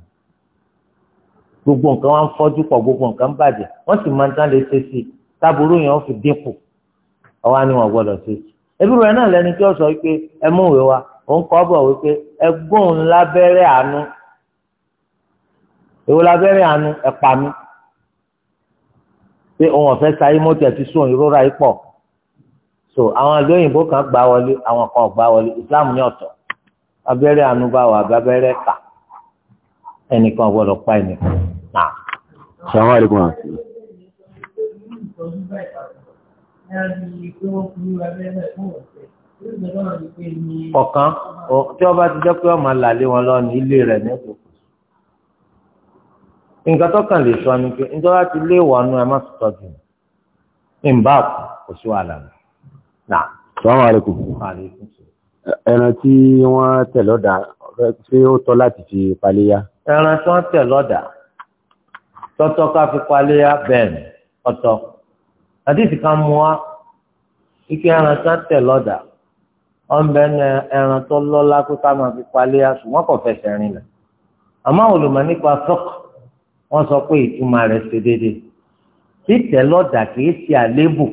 mí gbogbo nǹkan wá fọ́jú pọ̀ gbogbo nǹkan bàjẹ́ wọ́n sì máa ń tán lè ṣe sí i táburú yẹn ó fi dínkù ọwọ́ á gbọ́dọ̀ ṣe sí rẹ̀ náà lẹni tí ó sọ pé ẹ mú ìwé wa ó ń kọ́ bọ̀ wípé ẹgbọ́n lábẹ́rẹ́ àánú èwo lábẹ́rẹ́ àánú ẹ̀pà mi pé òun ọ̀fẹ́ sáyé mọ́tò ẹ̀ ti sùn ìrora yìí pọ̀ so àwọn àgbẹ̀ òyìnbó kan gbà wọlé àwọn kan gbà wọlé Islam ní ọ̀tọ̀ abẹ́rẹ́ àánú bá wà abẹ́rẹ́ kà ẹnìkan gbọ́dọ̀ pa ẹnìkan náà. sàwọn àlekún àti. Thank you ọ̀kan tí wọ́n bá ti jẹ́ pé ọmọ àlàlé wọn lọ ní ilé rẹ̀ ní òkú. nǹkan tó lè sọ ni pé nítorí wọ́n ti lé ìwọ̀nù ẹ̀ má tutọ́ jù ní nbà kò sí wàhálà rẹ̀. nà sọ́wọ́n àlékún. ẹran tí wọ́n tẹ̀ lọ́dà ṣé ó tọ́ láti fi paléyà. ẹran tí wọ́n tẹ̀ lọ́dà tọ́tọ́ ká fi paléyà bẹ́ẹ̀ ni ọ̀tọ̀ àdìsí kan mú wa ike ẹran tí wọ́n tẹ̀ lọ́dà. ọ̀nbẹ ẹran tó lọ́lá kó ká máa fi palẹ́ àṣù wọ́n kò fẹsẹ̀ rìn lẹ̀ àmọ́ olùmọ̀ nípa fọ́k wọ́n sọ pé ìtumọ̀ rẹ̀ ṣe déédéé títẹ̀ lọ́dà kìí ṣe àléébù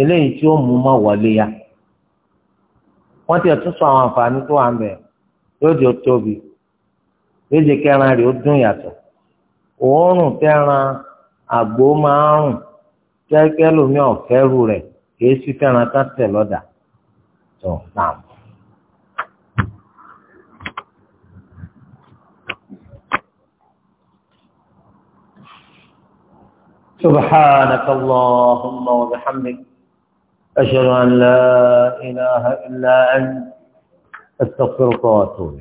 eléyìí tí ó mú mọ́ wọlé ya wọ́n ti ẹ̀tún sọ àwọn àǹfààní tó wà ń bẹ̀ yóò di tóbi yóò kẹran rẹ̀ ó dún yàtọ̀ òórùn tẹran àgbo máa ń rùn kẹ́kẹ́ lómi ọ̀fẹ́rù rẹ̀ kìí sí fẹ́ràn tá tẹ̀ lọ́dà. اه، نعم سبحانك اللهم وبحمدك أشهد أن لا إله إلا أنت أستغفرك وأتوب